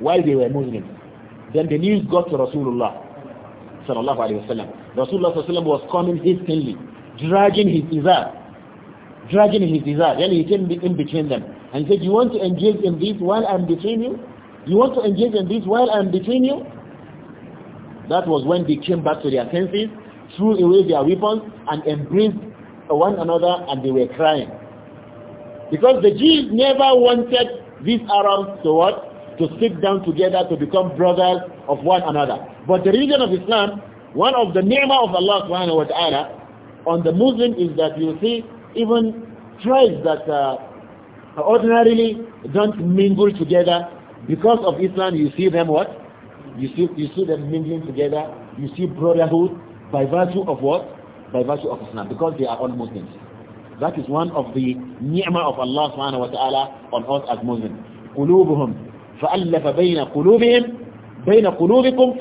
while they were Muslims. Then the news got to Rasulullah sallallahu alayhi wasallam. Rasulullah sallallahu was coming hastily, dragging his desire, dragging his desire. Then he came in between them and he said, "You want to engage in this while I'm between you? You want to engage in this while I'm between you?" That was when they came back to their senses, threw away their weapons, and embraced one another, and they were crying because the Jews never wanted these Arabs to what to sit down together to become brothers of one another. But the religion of Islam, one of the ni'mah of Allah subhanahu wa ta'ala on the Muslim is that you see even tribes that uh, ordinarily don't mingle together because of Islam you see them what? You see, you see them mingling together, you see brotherhood by virtue of what? By virtue of Islam because they are all Muslims. That is one of the ni'mah of Allah subhanahu wa ta'ala on us as Muslims. قلوبهم فألف بين قلوبهم بين قلوبكم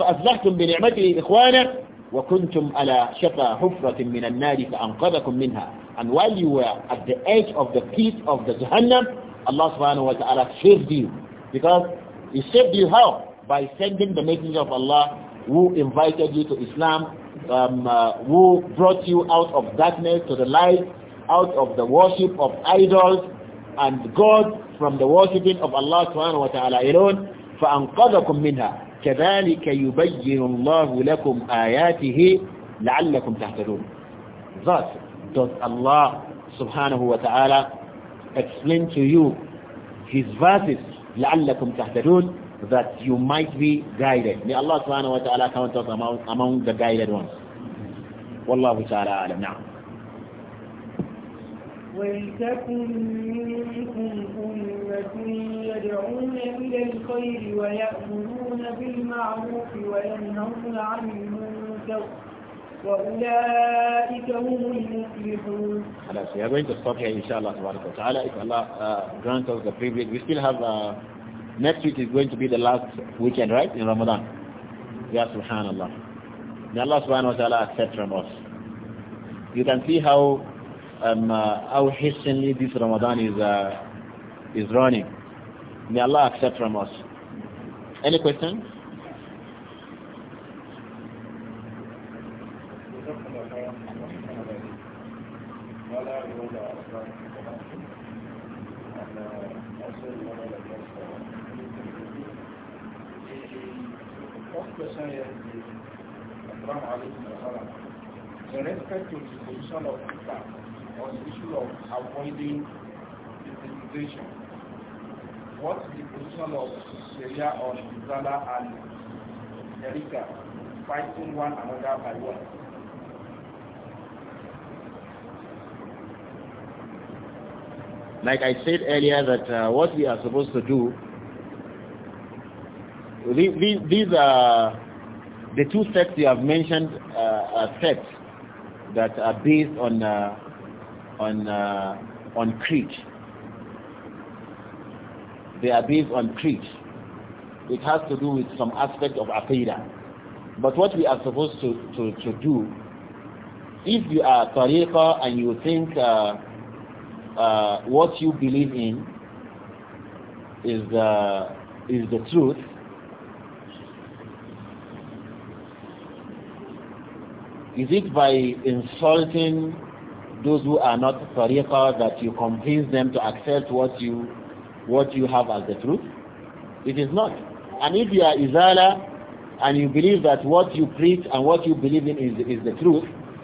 بنعمته إخوانا وكنتم على شفا حفرة من النار فأنقذكم منها and while you were at the edge of the pit of the Jahannam Allah subhanahu wa ta'ala saved you because he saved you how? by sending the messenger of Allah who invited you to Islam um, uh, who brought you out of darkness to the light out of the worship of idols and God from the worshiping of Allah subhanahu wa ta'ala alone فأنقذكم منها كذلك يبين الله لكم آياته لعلكم تهتدون Thus does Allah subhanahu wa ta'ala explain to you his verses لعلكم تهتدون that you might be guided may Allah subhanahu wa ta'ala count us among, among the guided ones والله تعالى أعلم نعم ولتكن منكم أمة يدعون إلى الخير ويأمرون بالمعروف وينهون عن المنكر we are going to stop here Inshallah, شاء الله تبارك if Allah uh, grants us the privilege we still have uh, next week is going to be the last weekend right in Ramadan. Ya subhanallah. May Allah subhanahu wa ta'ala accept from us. You can see how um, uh, how hastily this Ramadan is uh, is running. May Allah accept from us. Any questions? to the position of on the issue of avoiding desensitization. What is the position of Syria on Zala and Erika fighting one another by one? Like I said earlier that uh, what we are supposed to do, these, these are the two sets you have mentioned uh, are that are based on uh, on uh, on Crete, They are based on Crete. It has to do with some aspect of aqidah. But what we are supposed to, to, to do, if you are tariqah and you think uh, uh, what you believe in is the, uh, is the truth, is it by insulting those who are not tariqah that you convince them to accept what you what you have as the truth? It is not. And if you are Izala and you believe that what you preach and what you believe in is, is the truth,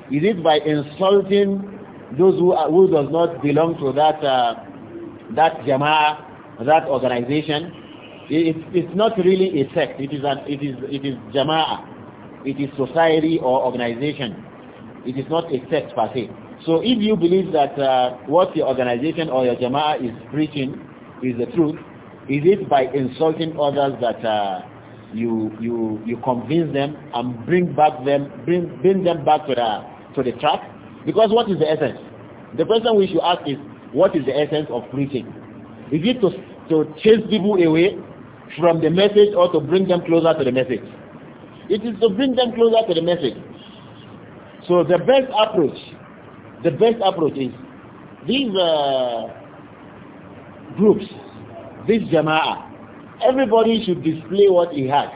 is it by insulting those who, are, who does not belong to that, uh, that jama'ah, that organization? It, it's not really a sect. It is, an, it is, it is jama'ah. It is society or organization. It is not a sect per se. So if you believe that uh, what your organization or your jama'ah is preaching is the truth, is it by insulting others that uh, you you you convince them and bring back them bring bring them back to the to the track? Because what is the essence? The question we should ask is what is the essence of preaching? Is it to to chase people away from the message or to bring them closer to the message? It is to bring them closer to the message. So the best approach the best approach is these uh, groups, this jama'ah, everybody should display what he has.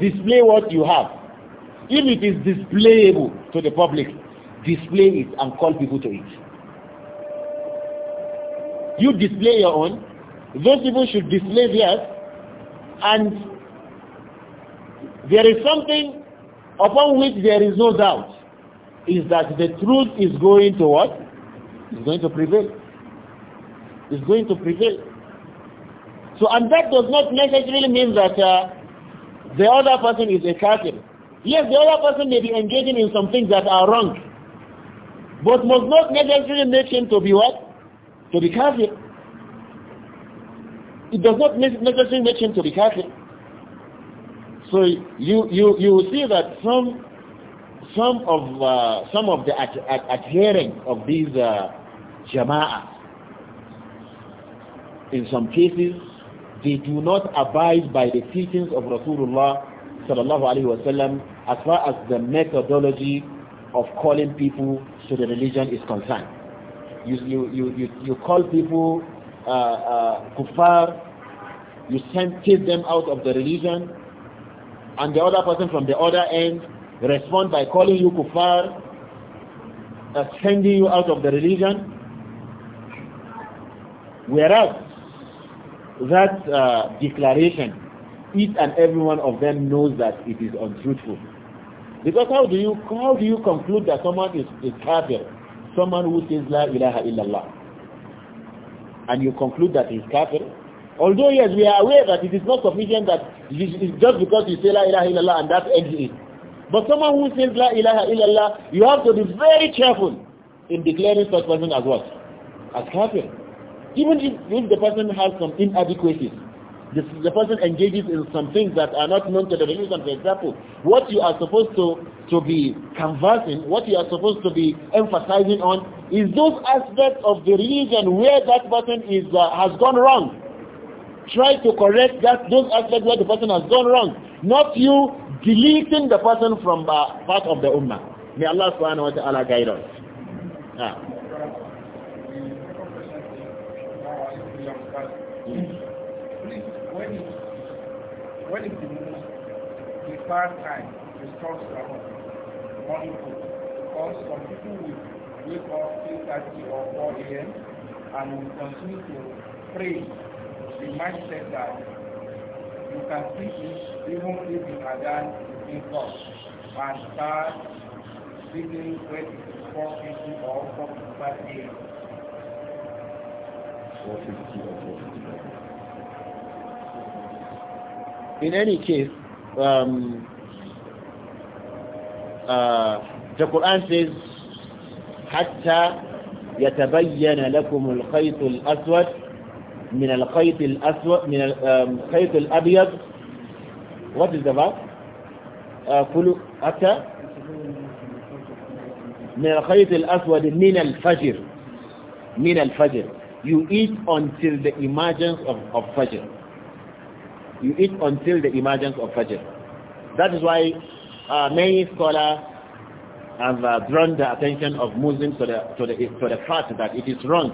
Display what you have. If it is displayable to the public, display it and call people to it. You display your own, those people should display theirs, and there is something upon which there is no doubt is that the truth is going to what? Is going to prevail. Is going to prevail. So, and that does not necessarily mean that uh, the other person is a kafir. Yes, the other person may be engaging in some things that are wrong, but must not necessarily make him to be what? To be kafir. It does not necessarily make him to be kafir. So you, you, you see that some some of uh, some of the ad ad adherents of these uh, jama'ah in some cases they do not abide by the teachings of Rasulullah sallallahu alaihi wasallam as far as the methodology of calling people to the religion is concerned you you you you, call people uh, uh, kuffar you send take them out of the religion and the other person from the other end respond by calling you kuffar, uh, sending you out of the religion. Whereas that uh, declaration, each and every one of them knows that it is untruthful. Because how do you how do you conclude that someone is, is kafir? Someone who says La ilaha illallah. And you conclude that he's kafir? Although yes, we are aware that it is not sufficient that it is, it's just because you say La ilaha illallah and that ends it. But someone who says La ilaha illallah, you have to be very careful in declaring such person as what? As kafir. Even if, if the person has some inadequacies, the the person engages in some things that are not known to the religion. For example, what you are supposed to, to be conversing, what you are supposed to be emphasizing on, is those aspects of the religion where that person is, uh, has gone wrong. Try to correct that, those aspects where the person has gone wrong. Not you deleting the person from uh, part of the ummah. May Allah subhanahu wa ta'ala guide us. Ah. When is, when is the most the first time you start morning food? Because some people will wake up 3.30 or four a.m. and will continue to pray the mindset that you can see it even if you are done in taught and start speaking when it is 450 or four a.m. 450 In any case, um, uh, the Quran says, حتى يتبين لكم الخيط الأسود من الخيط الأسود من الخيط الأبيض what is the verse كلوا حتى من الخيط الأسود من الفجر من الفجر you eat until the emergence of, of Fajr you eat until the emergence of Fajr that is why uh, many scholars have uh, drawn the attention of Muslims to the, to, the, to the fact that it is wrong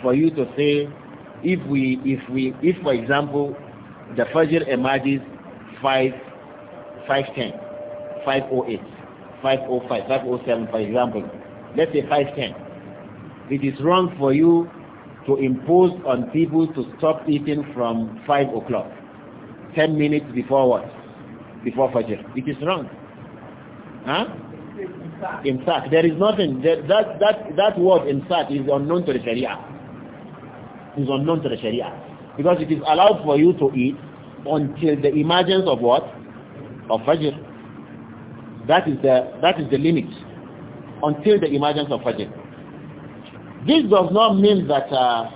for you to say if we if we if for example the fajr emerges 5 510 508 505 507 for example let's say 510 it is wrong for you to impose on people to stop eating from 5 o'clock 10 minutes before what before fajr it is wrong huh in fact there is nothing that that that, that word in fact is unknown to the sharia is unknown to the Sharia. Because it is allowed for you to eat until the emergence of what? Of Fajr. That is the, that is the limit. Until the emergence of Fajr. This does not mean that, uh,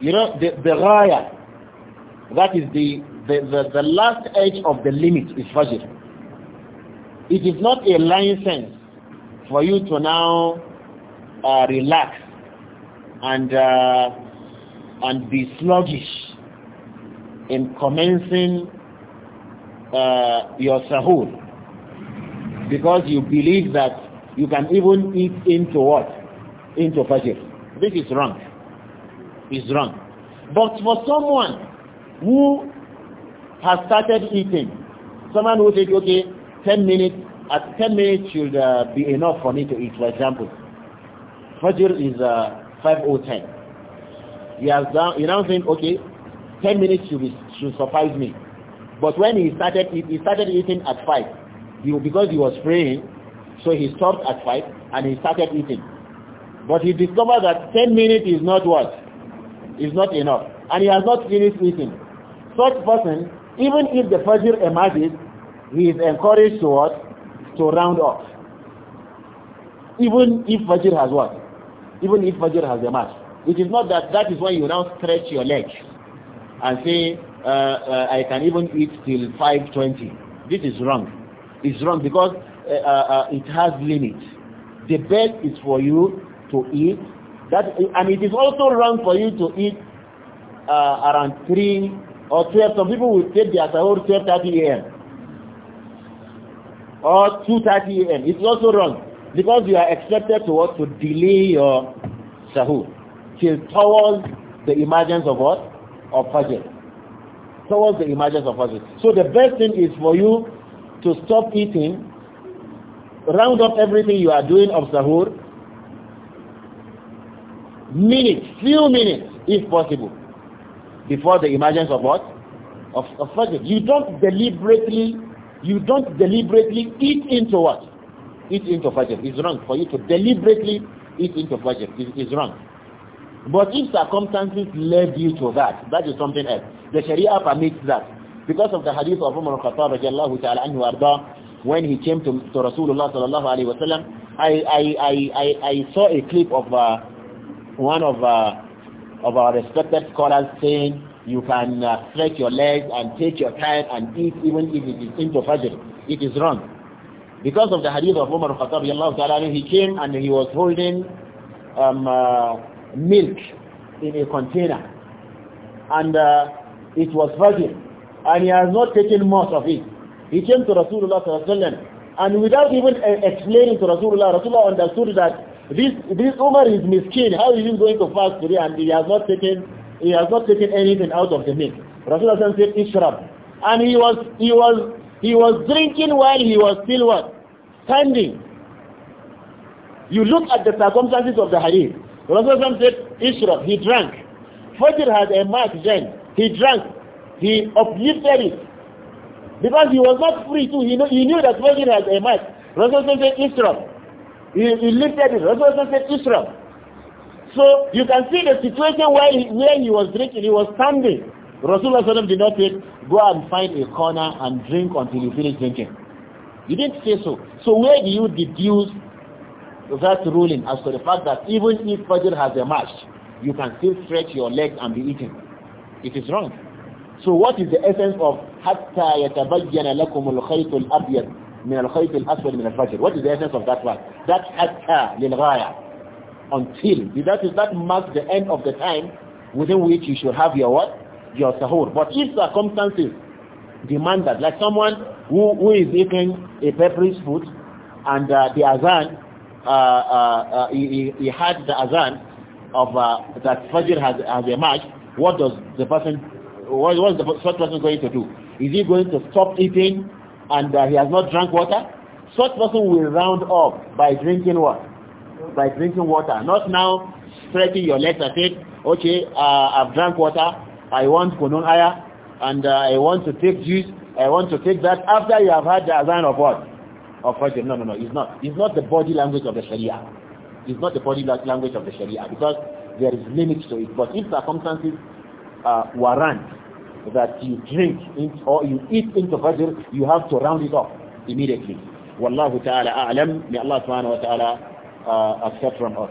you know, the, the raya, that is the, the, the, the last edge of the limit is Fajr. It is not a license for you to now uh, relax and uh, and be sluggish in commencing uh, your sahur because you believe that you can even eat into what into fajr this is wrong is wrong but for someone who has started eating someone who said okay 10 minutes at 10 minutes should uh, be enough for me to eat for example fajr is uh, 5.10. He has done, you now saying, okay, 10 minutes should, be, should suffice me. But when he started, he, he started eating at 5. He, because he was praying, so he stopped at 5 and he started eating. But he discovered that 10 minutes is not what? Is not enough. And he has not finished eating. Such person, even if the Fajr emerges, he is encouraged to what? To round off. Even if Fajr has what? even if Fajr has emerged. It is not that that is why you now stretch your leg and say, uh, uh, I can even eat till 5.20. This is wrong. It's wrong because uh, uh, uh it has limits. The best is for you to eat. That, and it is also wrong for you to eat uh, around 3 or 12. Some people will take their sahur 12.30 a.m. or 2.30 a.m. It's also wrong. Because you are expected to what? To delay your sahur till towards the emergence of what? Of Fajr. Towards the emergence of Fajr. So the best thing is for you to stop eating, round up everything you are doing of sahur, minutes, few minutes if possible, before the emergence of what? Of, of Fajr. You don't deliberately, you don't deliberately eat into what? eat into Fajr. It's wrong for you to deliberately eat into Fajr. It's wrong. But if circumstances led you to that, that is something else. The Sharia permits that. Because of the hadith of Umar al-Khattab ta'ala anhu arda, when he came to, to Rasulullah sallallahu alayhi wa sallam, I, I, I, I, I saw a clip of uh, one of, uh, of our respected scholars saying, you can uh, stretch your legs and take your time and eat even if it is into Fajr. It is wrong. Because of the hadith of Umar al-Khattab, he came and he was holding um, uh, milk in a container. And uh, it was virgin. And he has not taken much of it. He came to Rasulullah and without even uh, explaining to Rasulullah, Rasulullah understood that this this Umar is miskin. How is he going to fast today? And he has not taken he has not taken anything out of the milk. Rasulullah said, Ishrab. And he was he was he was drinking while he was still what? standing, you look at the circumstances of the hadith. Rasulullah said, Ishraf, he drank. Fajr had a mark then. He drank. He uplifted it. Because he was not free too. He, know, he knew that Fajr had a mark. Rasulullah said, Ishraf. He, he lifted it. Rasulullah said, Ishraf. So you can see the situation where he, where he was drinking. He was standing. Rasulullah did not say, go and find a corner and drink until you finish drinking. You didn't say so. So where do you deduce that ruling as to the fact that even if Fajr has emerged, you can still stretch your legs and be eaten? It is wrong. So what is the essence of حتى يتبين لكم الخيط الأبيض من الخيط الأسود من الفجر What is the essence of that one? That حتى للغاية until that is that marks the end of the time within which you should have your what? Your sahur. But if circumstances demand that. Like someone who, who is eating a pepperish food and uh, the azan, uh, uh, uh he, he had the azan of uh, that Fajr has, has emerged, what does the person, what, what is the such person going to do? Is he going to stop eating and uh, he has not drunk water? Such person will round up by drinking what? By drinking water. Not now stretching your legs and said, okay, I've drank water, I want kunun ayah, and uh, I want to take this, I want to take that after you have had the azan of what? Of Fajr. No, no, no, it's not. It's not the body language of the Sharia. It's not the body language of the Sharia because there is limits to it. But if circumstances uh, warrant that you drink in, or you eat into Fajr, you have to round it off immediately. Wallahu ta'ala a'lam. May Allah subhanahu wa ta'ala uh, accept from us.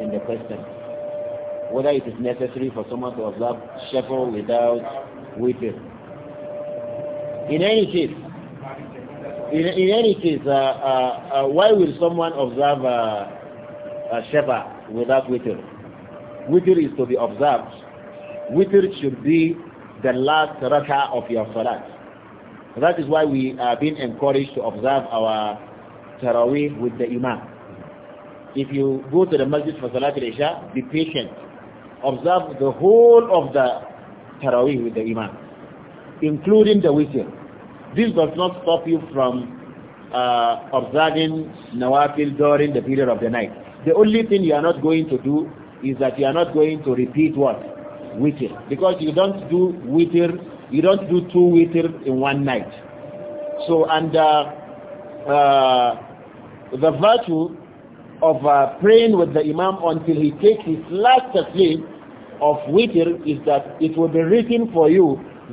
in the question. Whether it is necessary for someone to observe Shafar without weeping. In any case, in, in any case, uh, uh, uh, why will someone observe uh, a Shafar without witr? Witr is to be observed. Witr should be the last rak'ah of your salat. That is why we are being encouraged to observe our Taraweeh with the Imam if you go to the masjid for Salat al-Isha, be patient. Observe the whole of the Taraweeh with the Imam, including the witr. This does not stop you from uh, observing Nawafil during the period of the night. The only thing you are not going to do is that you are not going to repeat what? Witr. Because you don't do witr, you don't do two witr in one night. So, and uh, uh, the virtue of uh, praying with the imam until he takes his last sleep. of witr is that it will be written for you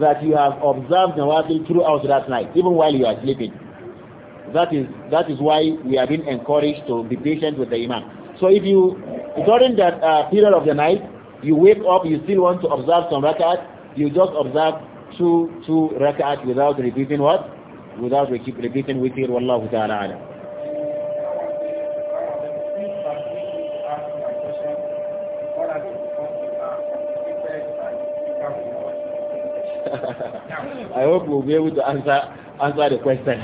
that you have observed nawafil throughout that night, even while you are sleeping. That is that is why we are being encouraged to be patient with the imam. So if you during that uh, period of the night you wake up, you still want to observe some rakat, you just observe two two rakat without repeating what, without repeating witr. Wallahu ta'ala. I hope we'll be able to answer answer the question.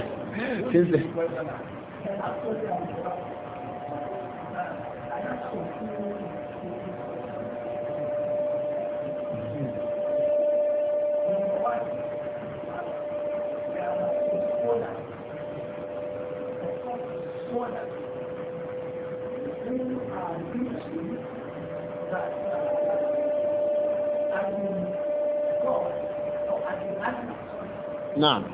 na'am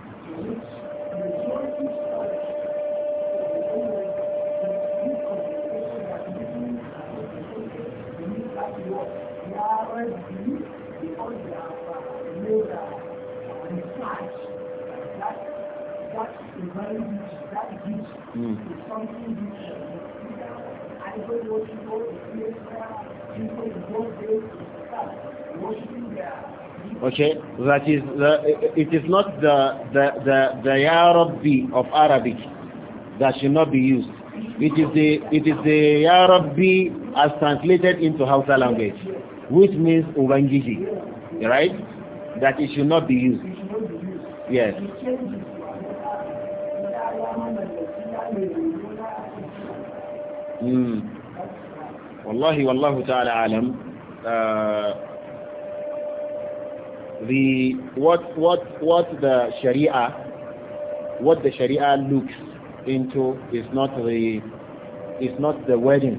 Hmm. Okay, that is the, it is not the the the the Arabi of Arabic that should not be used. It is the it is the Arabi as translated into Hausa language, which means Ubangiji, right? That it should not be used. Yes. Mm. Wallahi, wallahu ta'ala alam. Uh, the what what what the Sharia what the Sharia looks into is not the is not the wedding.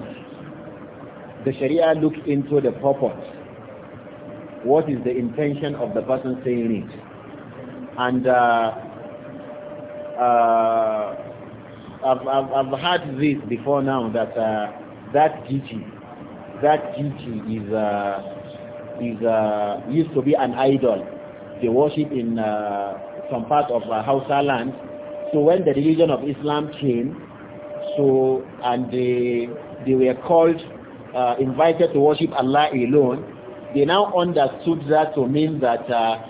The Sharia looks into the purpose. What is the intention of the person saying it? And uh, uh, I've, I've, I've heard this before now that uh, that deity, that deity is uh, is uh, used to be an idol. They worship in uh, some part of uh, Hausa land. So when the religion of Islam came, so and they they were called uh, invited to worship Allah alone. They now understood that to mean that uh,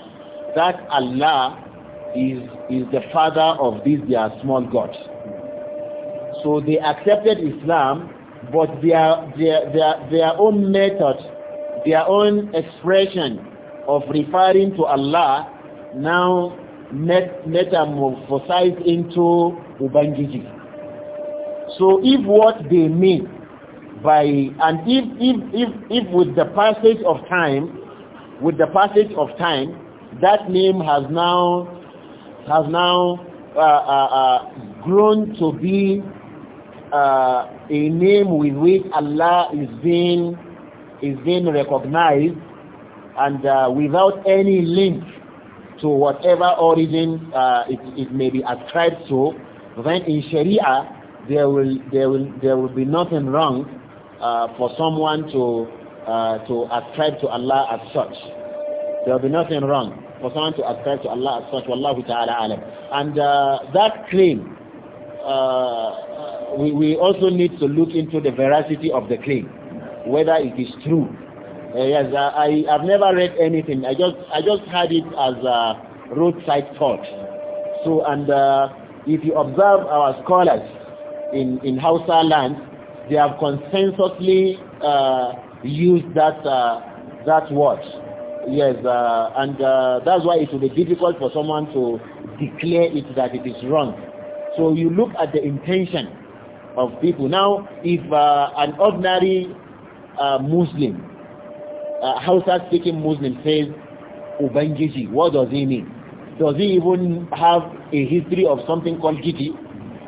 that Allah is is the father of these their small gods. So they accepted Islam, but their, their, their, their own method, their own expression of referring to Allah now met, metamorphosized into Ubangiji. So if what they mean by, and if, if, if, if with the passage of time, with the passage of time, that name has now, has now uh, uh, uh, grown to be uh, a name with which Allah is being is being recognized and uh, without any link to whatever origin uh, it, it may be ascribed to, then in Sharia there will there will there will be nothing wrong uh, for someone to uh, to ascribe to Allah as such. There will be nothing wrong for someone to ascribe to Allah as such. Wallahu ta'ala alam. And uh, that claim we, we also need to look into the veracity of the claim, whether it is true. Uh, yes, I, I, have never read anything. I just, I just had it as a roadside thought. So, and uh, if you observe our scholars in, in Hausa land, they have consensually uh, used that, uh, that word. Yes, uh, and uh, that's why it will be difficult for someone to declare it that it is wrong. So you look at the intention of people. Now, if uh, an ordinary uh, Muslim, uh, Hausa-speaking Muslim says, Ubangiji, what does he mean? Does he even have a history of something called Giti?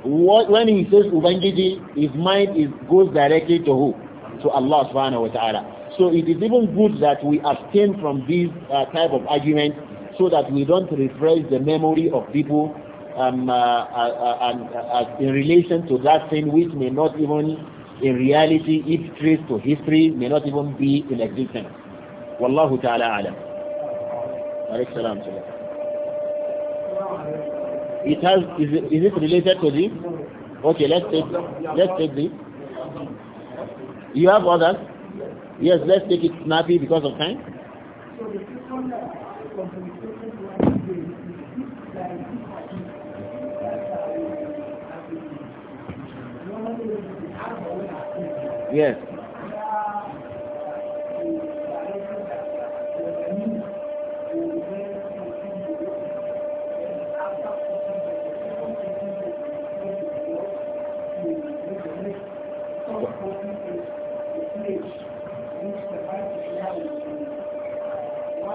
What, when he says Ubangiji, his mind is, goes directly to who? To Allah subhanahu wa ta'ala. So it is even good that we abstain from this uh, type of argument so that we don't refresh the memory of people um, uh, uh uh, uh, uh, in relation to that thing which may not even in reality if traced to history may not even be in existence wallahu ta'ala alam it has is it, is it related to the okay let's take let's take the you have others yes let's take it snappy because of time Yes.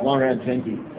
One hundred twenty.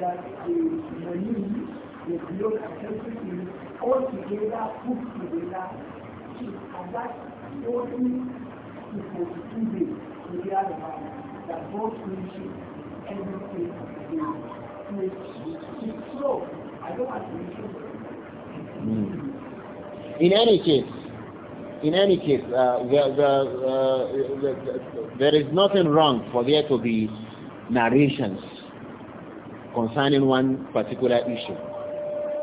that the money, the blood and everything all together put together and that 40 to 42 days to be the other one that God finishes everything to it's slow. I don't want to mention In any case, in any case, uh, the, the, uh, the, there is nothing wrong for there to be narrations concerning one particular issue.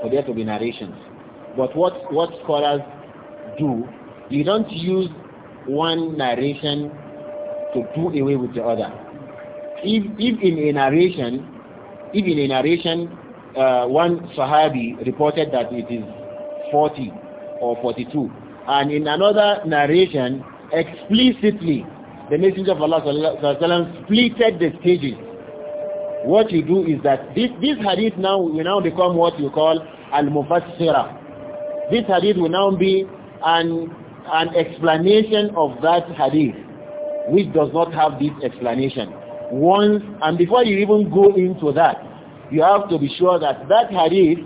For there to be narrations. But what, what scholars do, you don't use one narration to do away with the other. If, if in a narration, if in a narration, uh, one Sahabi reported that it is 40 or 42, and in another narration, explicitly, the Messenger of Allah split splitted the stages what you do is that this, this hadith now will now become what you call al-mufassira. This hadith will now be an, an explanation of that hadith, which does not have this explanation. Once, and before you even go into that, you have to be sure that that hadith,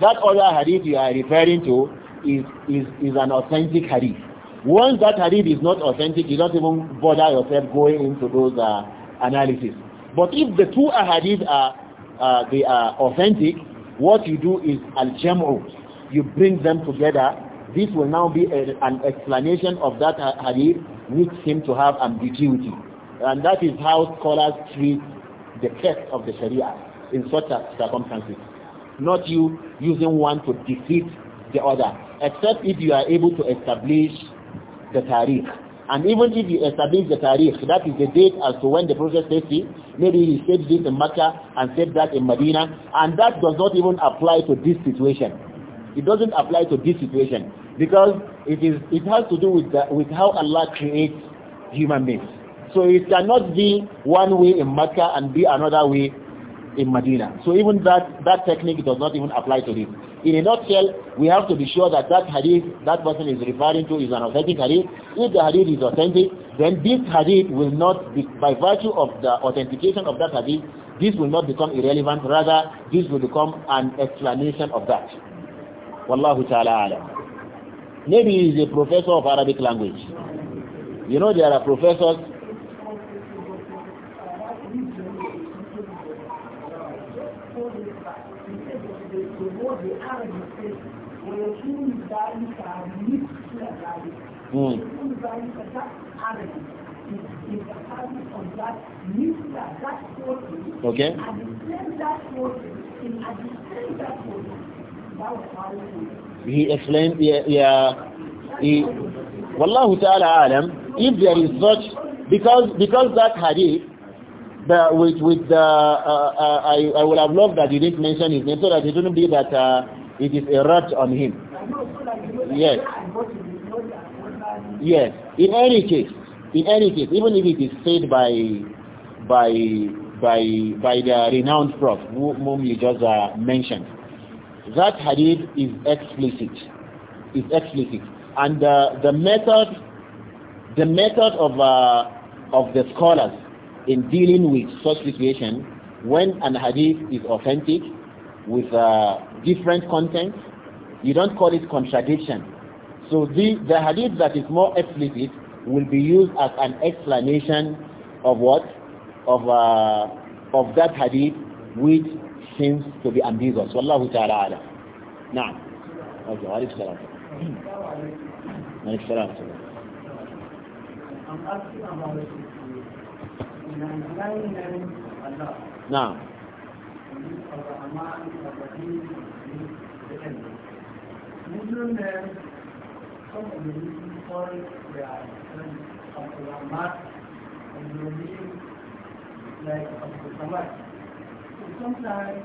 that other hadith you are referring to, is, is, is an authentic hadith. Once that hadith is not authentic, you don't even bother yourself going into those uh, analysis. But if the two ahadith are uh, they are authentic, what you do is al-jam'u. You bring them together. This will now be a, an explanation of that hadith which seems to have ambiguity. And that is how scholars treat the text of the Sharia in such circumstances. Not you using one to defeat the other, except if you are able to establish the tariq and even if you establish the tariq, that is the date as to when the process takes. it, maybe he said this in Mecca and said that in Medina, and that does not even apply to this situation. It doesn't apply to this situation because it is it has to do with the, with how Allah creates human beings. So it cannot be one way in Mecca and be another way in Medina. So even that that technique does not even apply to this. In a nutshell, we have to be sure that that hadith that person is referring to is an authentic hadith. If the hadith is authentic, then this hadith will not, be, by virtue of the authentication of that hadith, this will not become irrelevant. Rather, this will become an explanation of that. Wallahu ta'ala alam. Maybe he is a professor of Arabic language. You know there are professors Hmm. Okay. He explained, yeah, yeah he, Wallahu ta'ala alam, if there is such, because, because that hadith, the, with, with the, uh, uh, I, I would have loved that you didn't mention his name so that it wouldn't be that uh, it is a rot on him. Yes. Yes. In any case, in any case, even if it is said by by by by the renowned Prophet whom you just uh, mentioned, that hadith is explicit. Is explicit, and uh, the method, the method of uh, of the scholars in dealing with such situation when an hadith is authentic with uh, different content. You don't call it contradiction. So the, the hadith that is more explicit will be used as an explanation of what? Of, uh, of that hadith which seems to be ambiguous. Wallahu ta'ala ala. Naam. Okay, wa alaykum salam. I'm asking about the 99 Muslim men, some of the friends and like Samad. So sometimes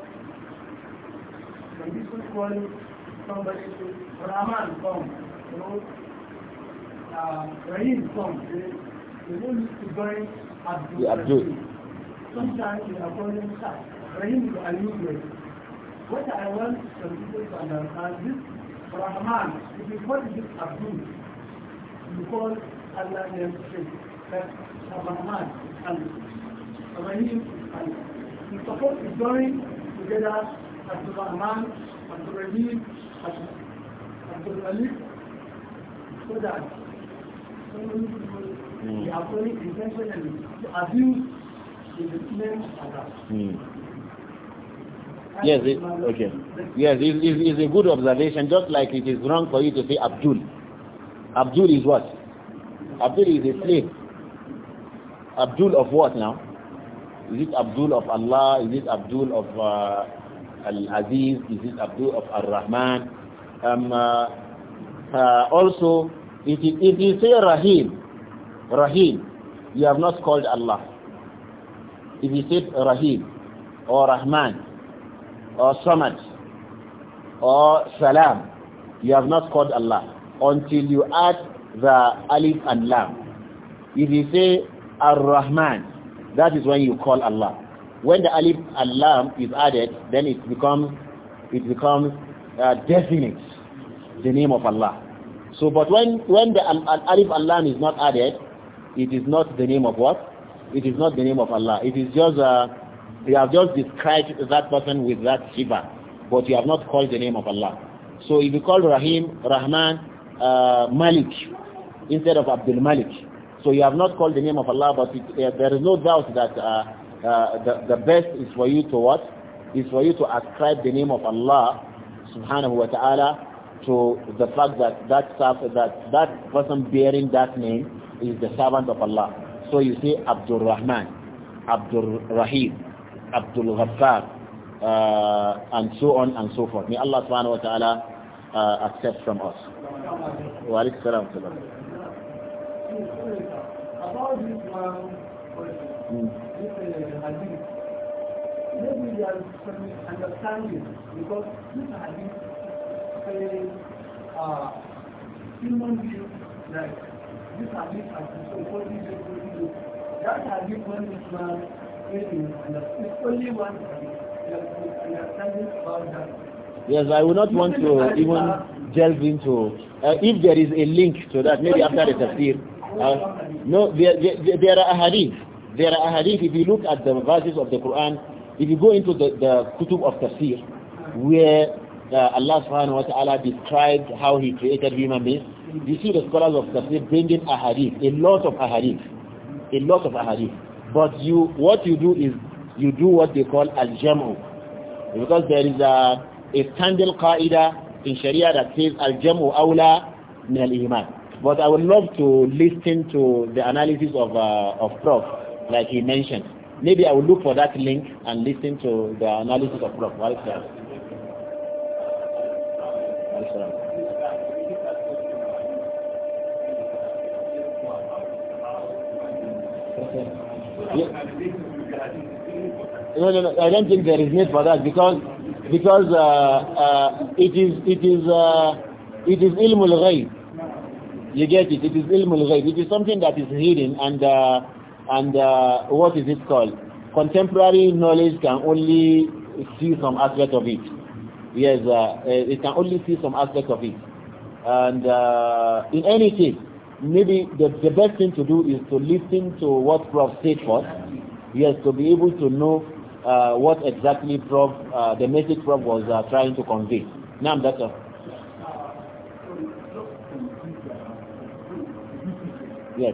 when somebody Rahman come, you uh, Rahim come, they, they don't need to join Abdul. Yeah, Abdul. Sometimes they are calling Shah. Rahim is unusual. What I want some people to understand this Rahman, it is what is Abdul. Because Allah names him. that Rahman and Rahim and we supposed to join together as Rahman, as Rahim, as Abdul Malik, so that so many people they are intentionally to abuse the name of Allah. Hmm. Yes, it, okay. Yes, it, it, it's a good observation, just like it is wrong for you to say Abdul. Abdul is what? Abdul is a slave. Abdul of what now? Is it Abdul of Allah? Is it Abdul of uh, Al-Aziz? Is it Abdul of Al-Rahman? Um, uh, uh, also, if you, if you say Rahim, Rahim, you have not called Allah. If you say Rahim or Rahman, or Samad or Salam, you have not called Allah until you add the Alif and Lam. If you say Ar-Rahman, that is when you call Allah. When the Alif and Lam is added, then it becomes it becomes uh, definite, the name of Allah. So, but when when the al Alif and Lam is not added, it is not the name of what? It is not the name of Allah. It is just a uh, you have just described that person with that shiva, but you have not called the name of Allah. So if you call Rahim, Rahman, uh, Malik, instead of Abdul Malik, so you have not called the name of Allah, but it, uh, there is no doubt that uh, uh, the, the best is for you to what? Is for you to ascribe the name of Allah subhanahu wa ta'ala to the fact that that, that that person bearing that name is the servant of Allah. So you say Abdul Rahman, Abdul Rahim, Abdul Ghaffar, uh, and so on and so forth. May Allah subhanahu wa ta'ala uh, accept from us. Wa alaikum salam. About this one this hadith, maybe there is some understanding because this hadith says uh, human being like this hadith has so 40 That hadith when Islam Yes, I would not want to even delve into. Uh, if there is a link to that, maybe after the tafsir. Uh, no, there, there, there are hadith. There are hadith. If you look at the verses of the Quran, if you go into the, the kutub of tafsir, where uh, Allah subhanahu wa ta'ala described how he created human beings, you see the scholars of tafsir bringing a a lot of ahadith, a lot of ahadith. But you, what you do is you do what they call al-jam'u. Because there is a, a standard qaida in Sharia that says al-jam'u awla min al-iman. But I would love to listen to the analysis of, uh, of Prof, like he mentioned. Maybe I will look for that link and listen to the analysis of Prof. Right No, no, no. I don't think there is need for that because because uh, uh, it is it is uh, it is ilmul ghaib. You get it? It is ilmul ghaib. It is something that is hidden and uh, and uh, what is it called? Contemporary knowledge can only see some aspect of it. Yes, uh, uh it can only see some aspect of it. And uh, in any case, maybe the, the best thing to do is to listen to what Prof said first. Yes, to be able to know uh, what exactly Prof, uh, the message Prof was uh, trying to convey. Now that's Yes.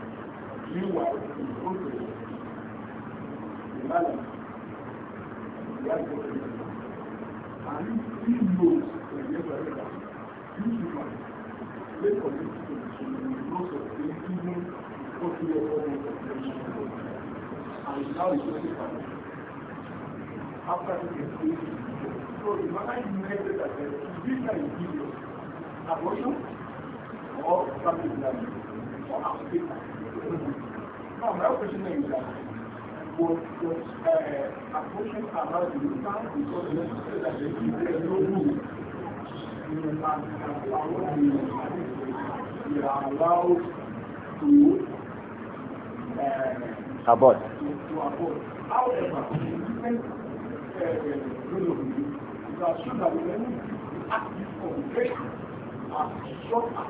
Meanwhile, in Congress, the Malam, the White President, and he knows the Yellow America, Yusufa, they commit to the loss of the human popular form of population. And now it's only five. After the creation, so the Malam united that the Visa is given Now, my question is that was uh, approaching about the bank because are allowed to However, different that when active short and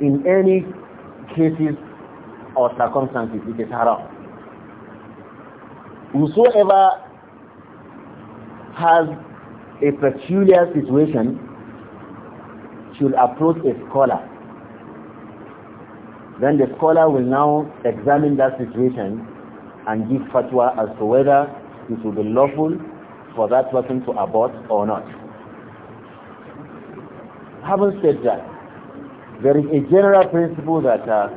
in any cases or circumstances it is haram whosoever has a peculiar situation should approach a scholar then the scholar will now examine that situation and give fatwa as to whether it will be lawful for that person to abort or not. Having said that, there is a general principle that uh,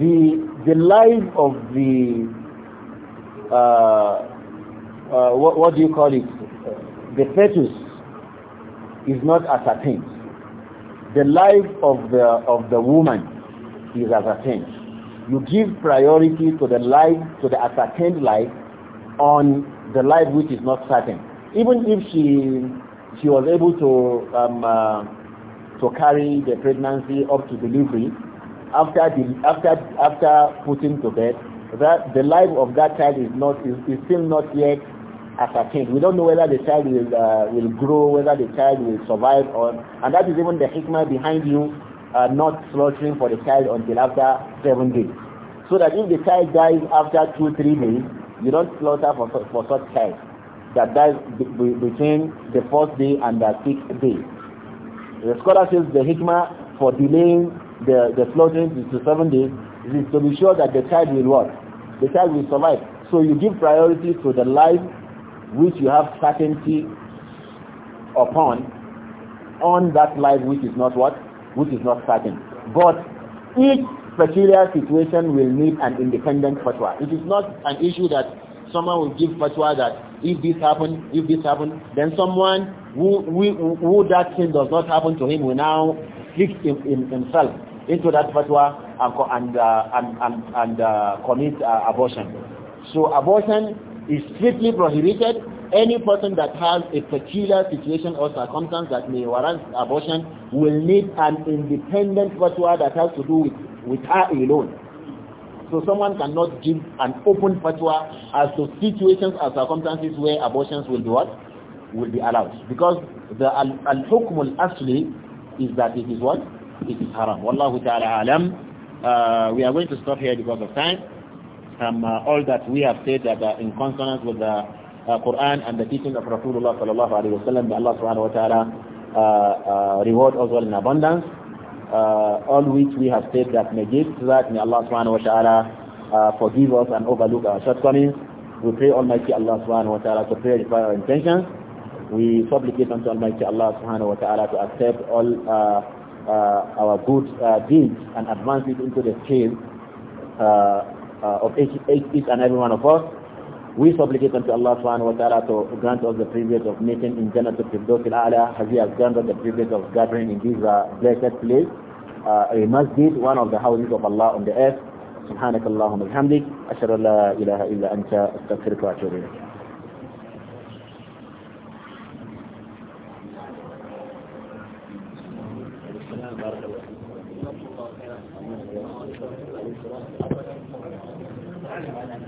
the the life of the uh, uh, what, what, do you call it the fetus is not ascertained the life of the of the woman is ascertained you give priority to the life to the ascertained life on the life which is not certain even if she she was able to um, uh, to carry the pregnancy up to delivery after the, after after putting to bed that the life of that child is not is, is still not yet ascertained we don't know whether the child will uh, will grow whether the child will survive or and that is even the hikmah behind you uh, not slaughtering for the child until after seven days so that if the child dies after two three days you don't slaughter for for such child that dies between the first day and the sixth day the scholar says the hikmah for delaying the, the floating is to seven days is to be sure that the child will what? The child will survive. So you give priority to the life which you have certainty upon on that life which is not what? Which is not certain. But each peculiar situation will need an independent fatwa. It is not an issue that someone will give fatwa that if this happened, if this happened, then someone who, who, who that thing does not happen to him will now fix him, him, himself into that fatwa and and uh, and and, and uh, commit uh, abortion. So abortion is strictly prohibited. Any person that has a peculiar situation or circumstance that may warrant abortion will need an independent fatwa that has to do with with her alone. So someone cannot give an open fatwa as to situations or circumstances where abortions will be what will be allowed because the al-hukm al-asli is that it is what? It is haram. Wallahu ta'ala alam. Uh, we are going to stop here because of time. Um, uh, all that we have said that uh, in consonance with the uh, Quran and the teaching of Rasulullah sallallahu alaihi wasallam, may Allah subhanahu wa ta'ala uh, uh, reward us all in abundance. all which we have said that may that, may Allah subhanahu wa ta'ala forgive us and overlook our shortcomings. We pray Almighty Allah subhanahu wa ta'ala to pray our intentions. We supplicate unto Almighty Allah subhanahu wa ta'ala to accept all uh, uh, our good uh, deeds and advance it into the scale of each, each and every one of us. We supplicate unto Allah subhanahu wa ta'ala to grant us the privilege of meeting in Jannah to Firdaus al-A'la as He has granted the privilege of gathering in this uh, blessed place, uh, a masjid, one of the houses of Allah on the earth. سبحانك اللهم وبحمدك أشهد أن لا إله إلا أنت أستغفرك وأتوب إليك धन्यवाद